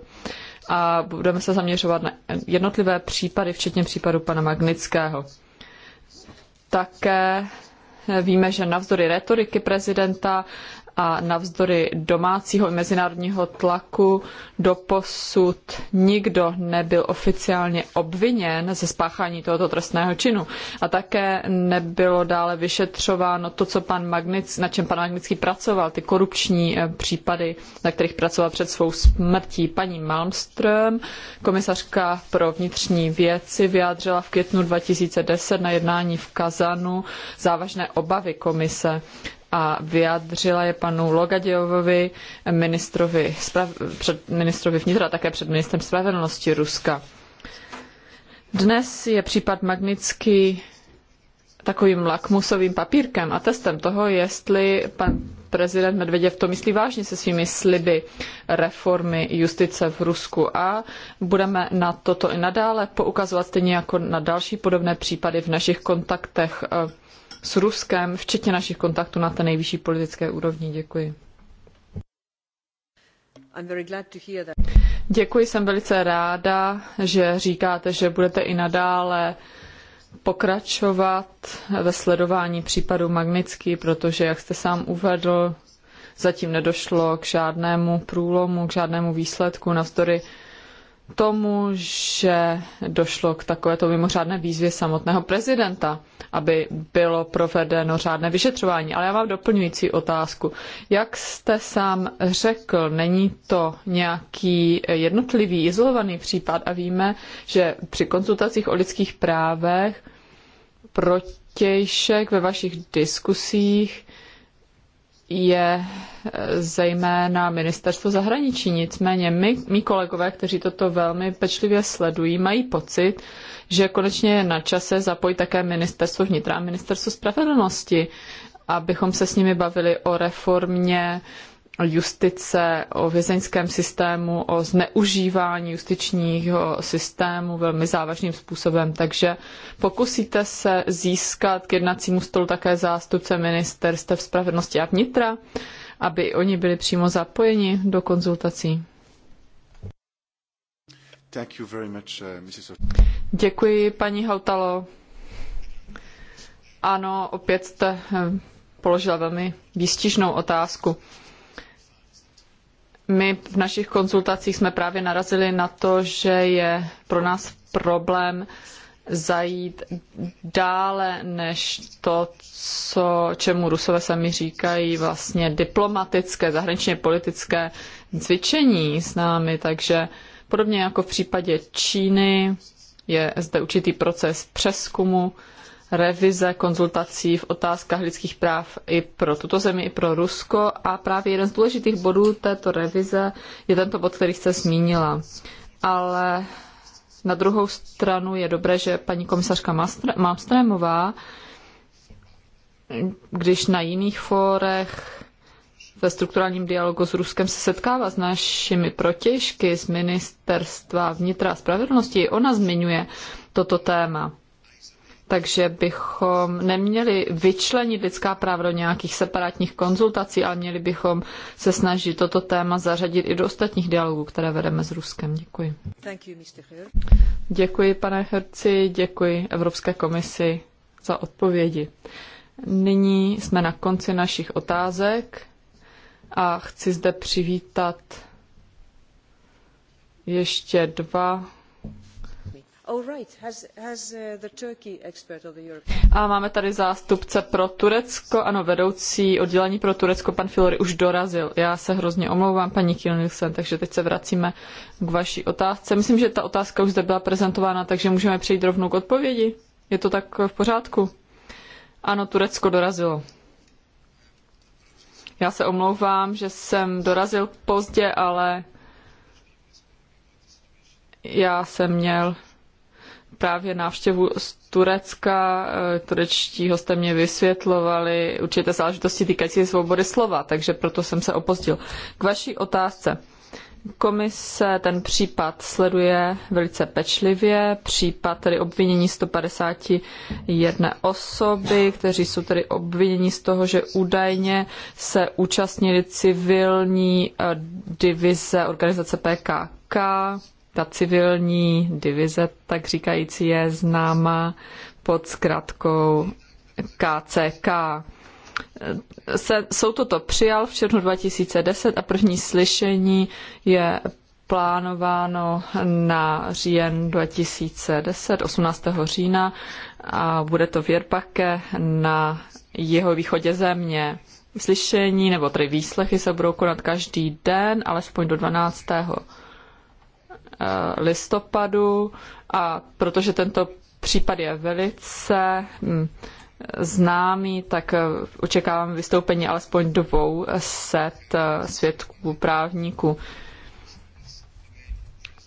A budeme se zaměřovat na jednotlivé případy, včetně případu pana Magnického. Také Víme, že navzdory retoriky prezidenta a navzdory domácího i mezinárodního tlaku doposud nikdo nebyl oficiálně obviněn ze spáchání tohoto trestného činu. A také nebylo dále vyšetřováno to, co pan Magnic, na čem pan Magnický pracoval, ty korupční eh, případy, na kterých pracoval před svou smrtí. Paní Malmström, komisařka pro vnitřní věci, vyjádřila v květnu 2010 na jednání v Kazanu závažné obavy komise a vyjádřila je panu Logadějovovi, ministrovi, před, ministrovi vnitra a také před ministrem spravedlnosti Ruska. Dnes je případ Magnický takovým lakmusovým papírkem a testem toho, jestli pan prezident Medveděv to myslí vážně se svými sliby reformy justice v Rusku a budeme na toto i nadále poukazovat stejně jako na další podobné případy v našich kontaktech eh, s Ruskem, včetně našich kontaktů na té nejvyšší politické úrovni. Děkuji. Děkuji, jsem velice ráda, že říkáte, že budete i nadále pokračovat ve sledování případu Magnický, protože, jak jste sám uvedl, zatím nedošlo k žádnému průlomu, k žádnému výsledku navzdory tomu, že došlo k takovéto mimořádné výzvě samotného prezidenta, aby bylo provedeno řádné vyšetřování. Ale já mám doplňující otázku. Jak jste sám řekl, není to nějaký jednotlivý, izolovaný případ a víme, že při konzultacích o lidských právech protějšek ve vašich diskusích je eh, zejména ministerstvo zahraničí. Nicméně my, mý kolegové, kteří toto velmi pečlivě sledují, mají pocit, že konečně je na čase zapojit také ministerstvo vnitra a ministerstvo spravedlnosti, abychom se s nimi bavili o reformě justice, o vězeňském systému, o zneužívání justičního systému velmi závažným způsobem. Takže pokusíte se získat k jednacímu stolu také zástupce ministerstev spravedlnosti a vnitra, aby oni byli přímo zapojeni do konzultací. Much, uh, Děkuji, paní Hautalo. Ano, opět jste eh, položila velmi výstižnou otázku. My v našich konzultacích jsme právě narazili na to, že je pro nás problém zajít dále než to, co, čemu Rusové sami říkají vlastně diplomatické, zahraničně politické cvičení s námi, takže podobně jako v případě Číny je zde určitý proces přeskumu revize konzultací v otázkách lidských práv i pro tuto zemi, i pro Rusko. A právě jeden z důležitých bodů této revize je tento bod, který jste zmínila. Ale na druhou stranu je dobré, že paní komisařka Malmströmová, když na jiných fórech ve strukturálním dialogu s Ruskem se setkává s našimi protěžky z ministerstva vnitra a spravedlnosti, ona zmiňuje toto téma. Takže bychom neměli vyčlenit lidská práva do nějakých separátních konzultací, ale měli bychom se snažit toto téma zařadit i do ostatních dialogů, které vedeme s Ruskem. Děkuji. You, děkuji, pane Herci, děkuji Evropské komisi za odpovědi. Nyní jsme na konci našich otázek a chci zde přivítat ještě dva Oh, uh, A máme tady zástupce pro Turecko, ano, vedoucí oddělení pro Turecko, pan Filory už dorazil. Já se hrozně omlouvám, paní Kilnilsen, takže teď se vracíme k vaší otázce. Myslím, že ta otázka už zde byla prezentována, takže můžeme přejít rovnou k odpovědi. Je to tak v pořádku? Ano, Turecko dorazilo. Já se omlouvám, že jsem dorazil pozdě, ale já jsem měl právě návštěvu z Turecka. Eh, turečtí hosté mě vysvětlovali určité záležitosti týkající svobody slova, takže proto jsem se opozdil. K vaší otázce. Komise ten případ sleduje velice pečlivě, případ tedy obvinění 151 osoby, kteří jsou tedy obviněni z toho, že údajně se účastnili civilní eh, divize organizace PKK, ta civilní divize, tak říkající, je známa pod zkratkou KCK. Se, jsou toto přijal v červnu 2010 a první slyšení je plánováno na říjen 2010, 18. října a bude to v Jerbake na jeho východě země. Slyšení nebo tedy výslechy se budou konat každý den, alespoň do 12. Eh, listopadu a protože tento případ je velice hm, známý, tak eh, očekávám vystoupení alespoň dvou set eh, svědků právníků.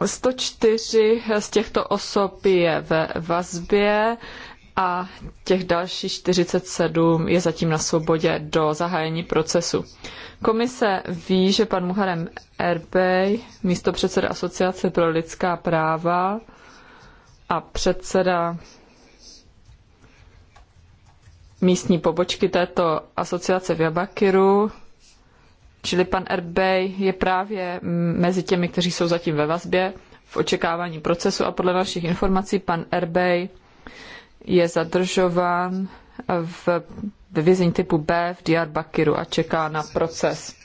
104 z těchto osob je ve vazbě a těch dalších 47 je zatím na svobodě do zahájení procesu. Komise ví, že pan Muharem Erbej, místo předseda Asociace pro lidská práva a předseda místní pobočky této asociace v Jabakiru, čili pan Erbej je právě mezi těmi, kteří jsou zatím ve vazbě v očekávání procesu a podle našich informací pan Erbej je zadržován v vězení typu B v Diyarbakiru a čeká na proces.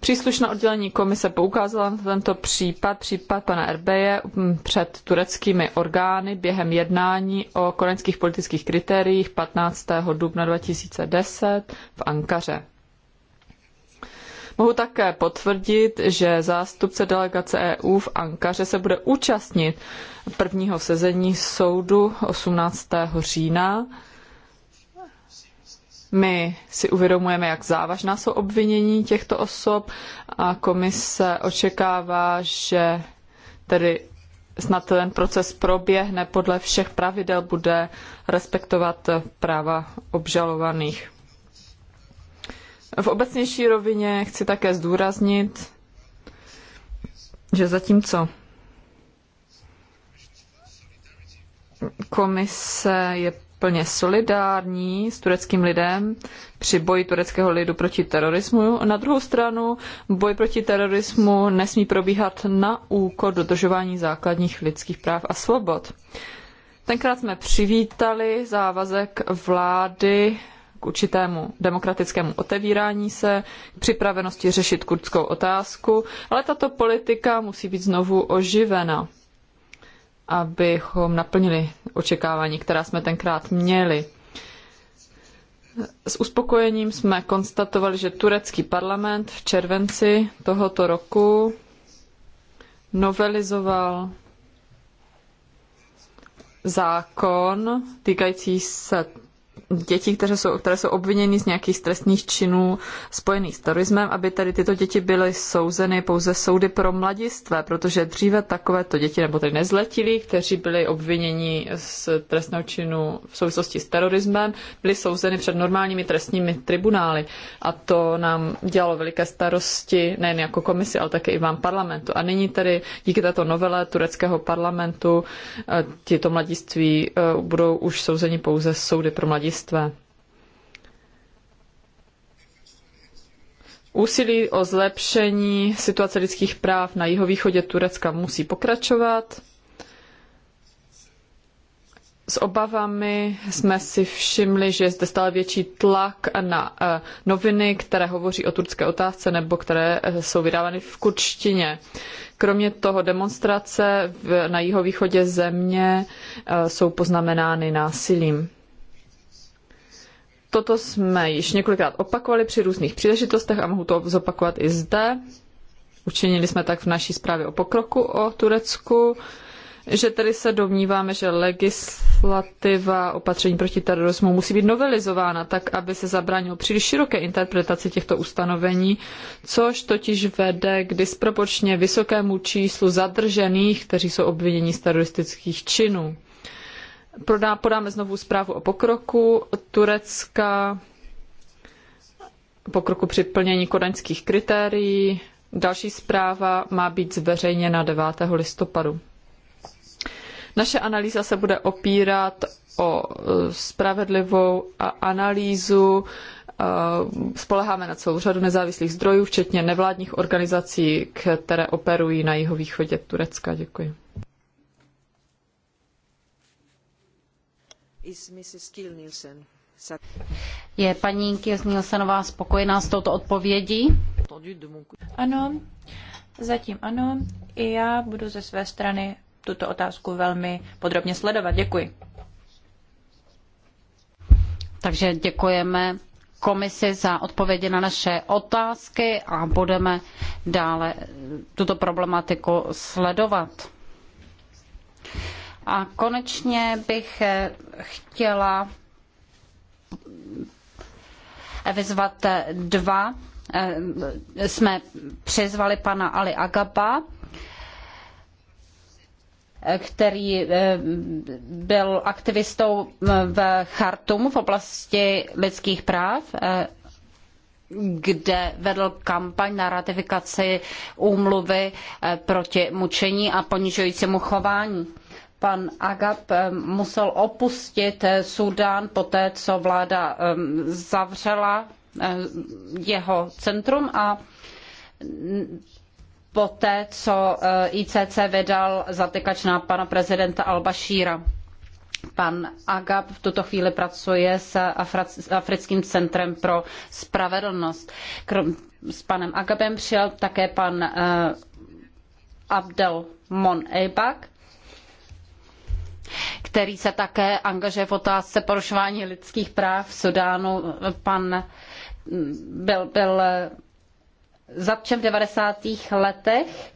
Příslušná oddělení komise poukázala na tento případ, případ pana Erbeje před tureckými orgány během jednání o koreňských politických kritériích 15. dubna 2010 v Ankaře. Mohu také potvrdit, že zástupce delegace EU v Ankaře se bude účastnit prvního sezení soudu 18. října. My si uvědomujeme, jak závažná jsou obvinění těchto osob a komise očekává, že tedy snad ten proces proběhne podle všech pravidel, bude respektovat práva obžalovaných. V obecnější rovině chci také zdůraznit, že zatímco komise je plně solidární s tureckým lidem při boji tureckého lidu proti terorismu. Na druhou stranu boj proti terorismu nesmí probíhat na úkor dodržování základních lidských práv a svobod. Tenkrát jsme přivítali závazek vlády k určitému demokratickému otevírání se, k připravenosti řešit kurdskou otázku, ale tato politika musí být znovu oživena, abychom naplnili očekávání, která jsme tenkrát měli. S uspokojením jsme konstatovali, že turecký parlament v červenci tohoto roku novelizoval zákon týkající se dětí, které jsou, které jsou obviněny z nějakých trestných činů spojených s terorismem, aby tady tyto děti byly souzeny pouze soudy pro mladistvé, protože dříve takovéto děti, nebo tedy nezletilí, kteří byli obviněni z trestného činu v souvislosti s terorismem, byli souzeny před normálními trestními tribunály. A to nám dělalo veliké starosti, nejen jako komisi, ale také i vám parlamentu. A nyní tedy díky této novele tureckého parlamentu eh, tyto mladiství eh, budou už souzeni pouze soudy pro mladistvé předsednictva. Úsilí o zlepšení situace lidských práv na jihovýchodě Turecka musí pokračovat. S obavami jsme si všimli, že je zde stále větší tlak na eh, noviny, které hovoří o turecké otázce nebo které eh, jsou vydávány v kurčtině. Kromě toho demonstrace na jihovýchodě země eh, jsou poznamenány násilím. Toto jsme již několikrát opakovali při různých příležitostech a mohu to zopakovat i zde. Učinili jsme tak v naší zprávě o pokroku o Turecku, že tedy se domníváme, že legislativa opatření proti terorismu musí být novelizována tak, aby se zabránilo příliš široké interpretaci těchto ustanovení, což totiž vede k disproporčně vysokému číslu zadržených, kteří jsou obviněni z teroristických činů. Prodá, podáme znovu zprávu o pokroku Turecka, pokroku při plnění kodaňských kritérií. Další zpráva má být zveřejněna 9. listopadu. Naše analýza se bude opírat o e, spravedlivou analýzu. E, spoleháme na celou řadu nezávislých zdrojů, včetně nevládních organizací, které operují na jihovýchodě Turecka. Děkuji. Je paní Kiels Nielsenová spokojená s touto odpovědí? Ano, zatím ano. I já budu ze své strany tuto otázku velmi podrobně sledovat. Děkuji. Takže děkujeme komisi za odpovědi na naše otázky a budeme dále tuto problematiku sledovat. A konečně bych eh, chtěla eh, vyzvat eh, dva. Jsme přizvali pana Ali Agaba, který byl aktivistou v Chartum v oblasti lidských práv, kde vedl kampaň na ratifikaci úmluvy proti mučení a ponižujícímu chování pan Agap eh, musel opustit eh, Súdán poté, co vláda eh, zavřela jeho centrum a poté, co ICC vydal zatykač na pana prezidenta al Bashira. Pan Agap v tuto chvíli pracuje s Africkým centrem pro spravedlnost. S panem Agabem přijel také pan Abdel Mon Eibak, který se také angažuje v otázce porušování lidských práv v Sudánu. Pan byl, byl zatčen v 90. letech.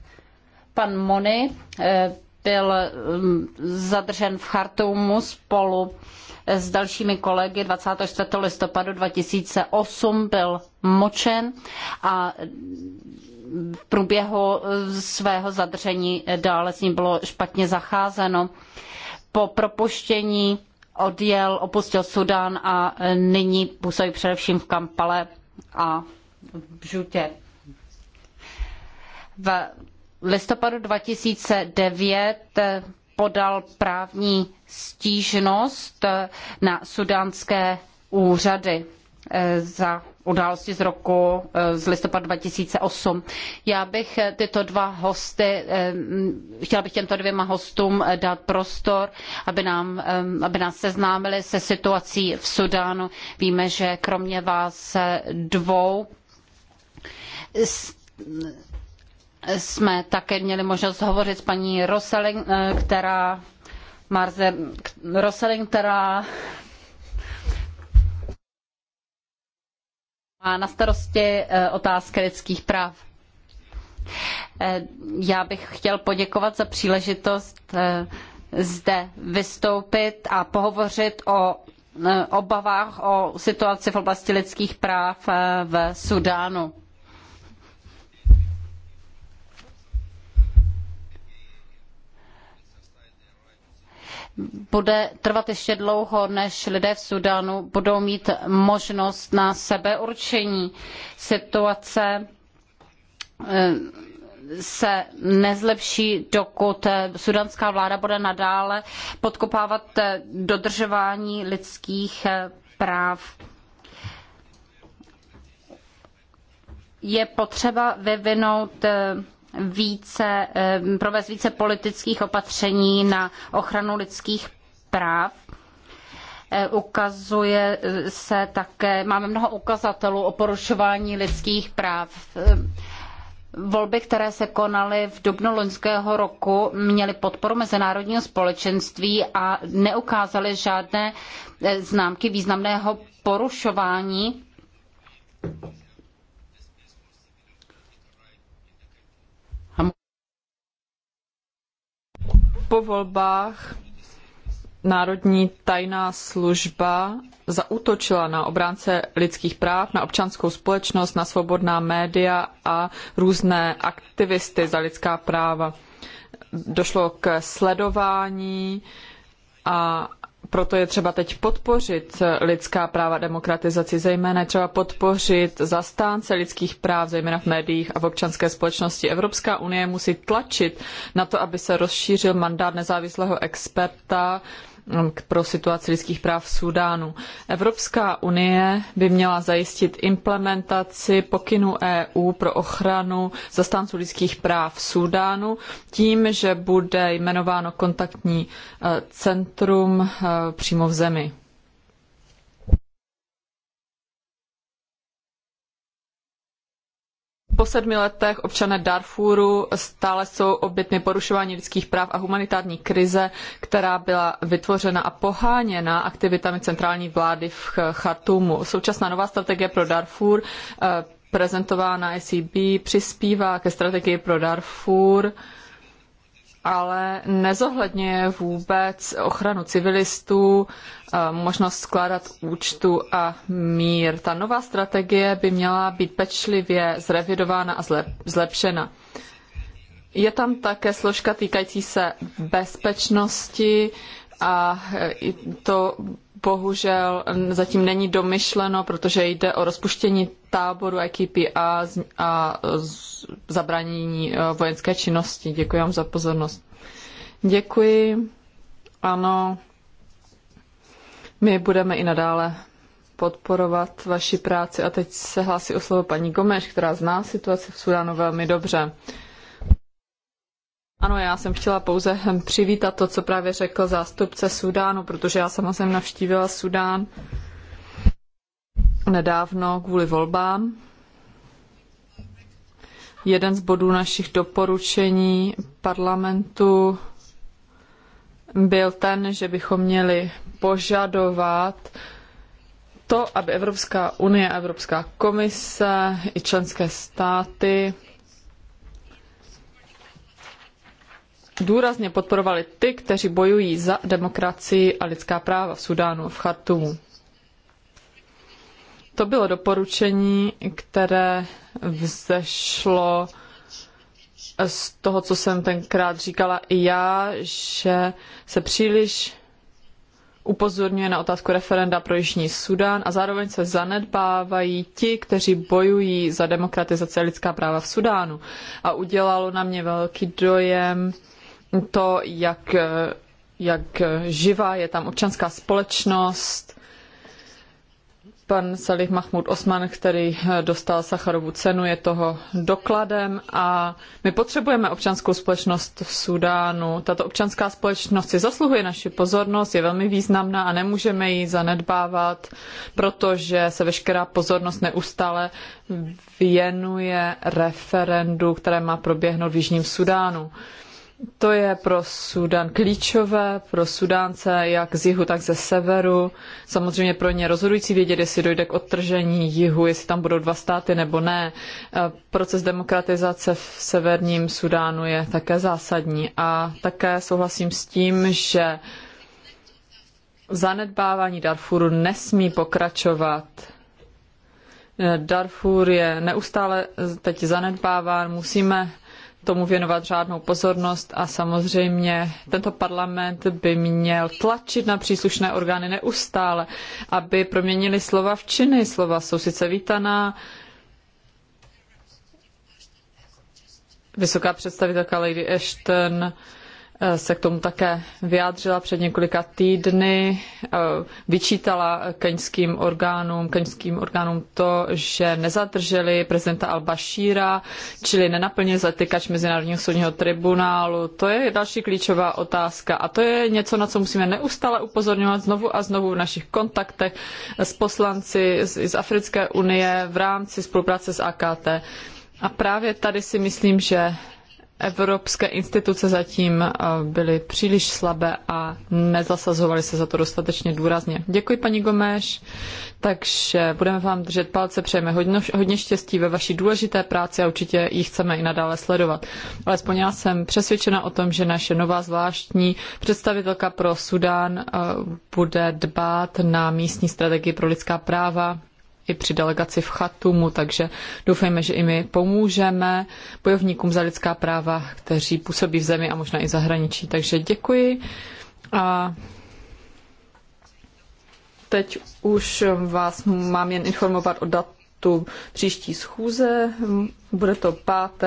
Pan Mony eh, byl mm, zadržen v Chartoumu spolu eh, s dalšími kolegy 24. listopadu 2008 byl močen a v průběhu eh, svého zadržení dále s ním bylo špatně zacházeno po propuštění odjel, opustil Sudán a nyní působí především v Kampale a v Žutě. V listopadu 2009 podal právní stížnost na sudánské úřady. Eh, za události z roku eh, z listopadu 2008. Já bych eh, tyto dva hosty, chtěla bych těmto dvěma hostům dát prostor, aby, nám, aby nás seznámili se situací v Sudánu. Víme, že kromě vás dvou jsme také měli možnost hovořit s paní Roselin, která Marze Roselin, která má na starosti e, otázky lidských práv. E, já bych chtěl poděkovat za příležitost e, zde vystoupit a pohovořit o obavách o situaci v oblasti lidských práv v Sudánu. bude trvat ještě dlouho, než lidé v Sudánu budou mít možnost na sebeurčení. Situace eh, se nezlepší, dokud eh, sudanská vláda bude nadále podkopávat eh, dodržování lidských práv. Je potřeba vyvinout více, eh, provést více politických opatření na ochranu lidských práv. Eh, ukazuje eh, se také, máme mnoho ukazatelů o porušování lidských práv. Volby, které se konaly v dubnu loňského roku, měly podporu mezinárodního společenství a neukázaly žádné známky významného porušování po volbách Národní tajná služba zaútočila na obránce lidských práv, na občanskou společnost, na svobodná média a různé aktivisty za lidská práva. Došlo k sledování a proto je třeba teď podpořit lidská práva demokratizaci, zejména je třeba podpořit zastánce lidských práv, zejména v médiích a v občanské společnosti. Evropská unie musí tlačit na to, aby se rozšířil mandát nezávislého experta, pro situaci lidských práv v Súdánu. Evropská unie by měla zajistit implementaci pokynů EU pro ochranu zastánců lidských práv v Súdánu tím, že bude jmenováno kontaktní eh, centrum eh, přímo v zemi. po sedmi letech občané Darfuru stále jsou obětmi porušování lidských práv a humanitární krize, která byla vytvořena a poháněna aktivitami centrální vlády v Chartumu. Současná nová strategie pro Darfur eh, prezentována ECB přispívá ke strategii pro Darfur ale nezohledňuje vůbec ochranu civilistů, eh, možnost skládat účtu a mír. Ta nová strategie by měla být pečlivě zrevidována a zlepšena. Je tam také složka týkající se bezpečnosti a to bohužel zatím není domyšleno, protože jde o rozpuštění táboru IKP a, a zabranění e, vojenské činnosti. Děkuji vám za pozornost. Děkuji. Ano, my budeme i nadále podporovat vaši práci. A teď se hlásí o slovo paní Gomeš, která zná situaci v Sudánu velmi dobře. Uh, ano, já jsem chtěla pouze hm, přivítat to, co právě řekl zástupce Sudánu, protože já sama jsem navštívila Sudán nedávno kvůli volbám. Jeden z bodů našich doporučení parlamentu byl ten, že bychom měli požadovat to, aby Evropská unie, Evropská komise i členské státy důrazně podporovali ty, kteří bojují za demokracii a lidská práva v Sudánu, v Chartumu. To bylo doporučení, které vzešlo z toho, co jsem tenkrát říkala i já, že se příliš upozorňuje na otázku referenda pro Jižní Sudán a zároveň se zanedbávají ti, kteří bojují za demokratizaci a lidská práva v Sudánu. A udělalo na mě velký dojem to, jak, jak živá je tam občanská společnost. Pan Salih Mahmud Osman, který dostal Sacharovu cenu, je toho dokladem a my potřebujeme občanskou společnost v Sudánu. Tato občanská společnost si zasluhuje naši pozornost, je velmi významná a nemůžeme ji zanedbávat, protože se veškerá pozornost neustále věnuje referendu, které má proběhnout v Jižním Sudánu. To je pro Sudan klíčové, pro Sudánce jak z jihu, tak ze severu. Samozřejmě pro ně rozhodující vědět, jestli dojde k odtržení jihu, jestli tam budou dva státy nebo ne. E, proces demokratizace v severním Sudánu je také zásadní a také souhlasím s tím, že zanedbávání Darfuru nesmí pokračovat. E, Darfur je neustále e, teď zanedbáván, musíme tomu věnovat řádnou pozornost a samozřejmě tento parlament by měl tlačit na příslušné orgány neustále, aby proměnili slova v činy. Slova jsou sice vítaná, vysoká představitelka Lady Ashton se k tomu také vyjádřila před několika týdny, eh, vyčítala keňským orgánům, keňským orgánům to, že nezadrželi prezidenta al-Bashíra, čili nenaplně zatykač Mezinárodního soudního tribunálu. To je další klíčová otázka a to je něco, na co musíme neustále upozorňovat znovu a znovu v našich kontaktech s poslanci z Africké unie v rámci spolupráce s AKT. A právě tady si myslím, že evropské instituce zatím eh, byly příliš slabé a nezasazovaly se za to dostatečně důrazně. Děkuji, paní Gomeš, takže budeme vám držet palce, přejeme hodno, hodně štěstí ve vaší důležité práci a určitě ji chceme i nadále sledovat. Alespoň já jsem přesvědčena o tom, že naše nová zvláštní představitelka pro Sudán eh, bude dbát na místní strategii pro lidská práva, i při delegaci v Chatumu, takže doufejme, že i my pomůžeme bojovníkům za lidská práva, kteří působí v zemi a možná i zahraničí. Takže děkuji a teď už vás mám jen informovat o datu příští schůze. Bude to 5.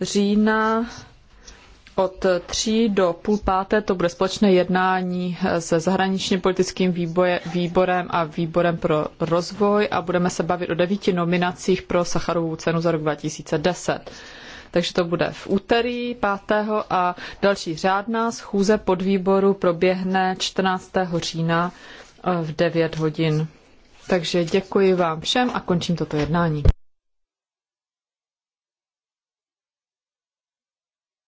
října od tří do půl páté to bude společné jednání eh, se zahraničně politickým výboje, výborem a výborem pro rozvoj a budeme se bavit o devíti nominacích pro Sacharovou cenu za rok 2010. Takže to bude v úterý 5. a další řádná schůze podvýboru proběhne 14. října eh, v 9 hodin. Takže děkuji vám všem a končím toto jednání.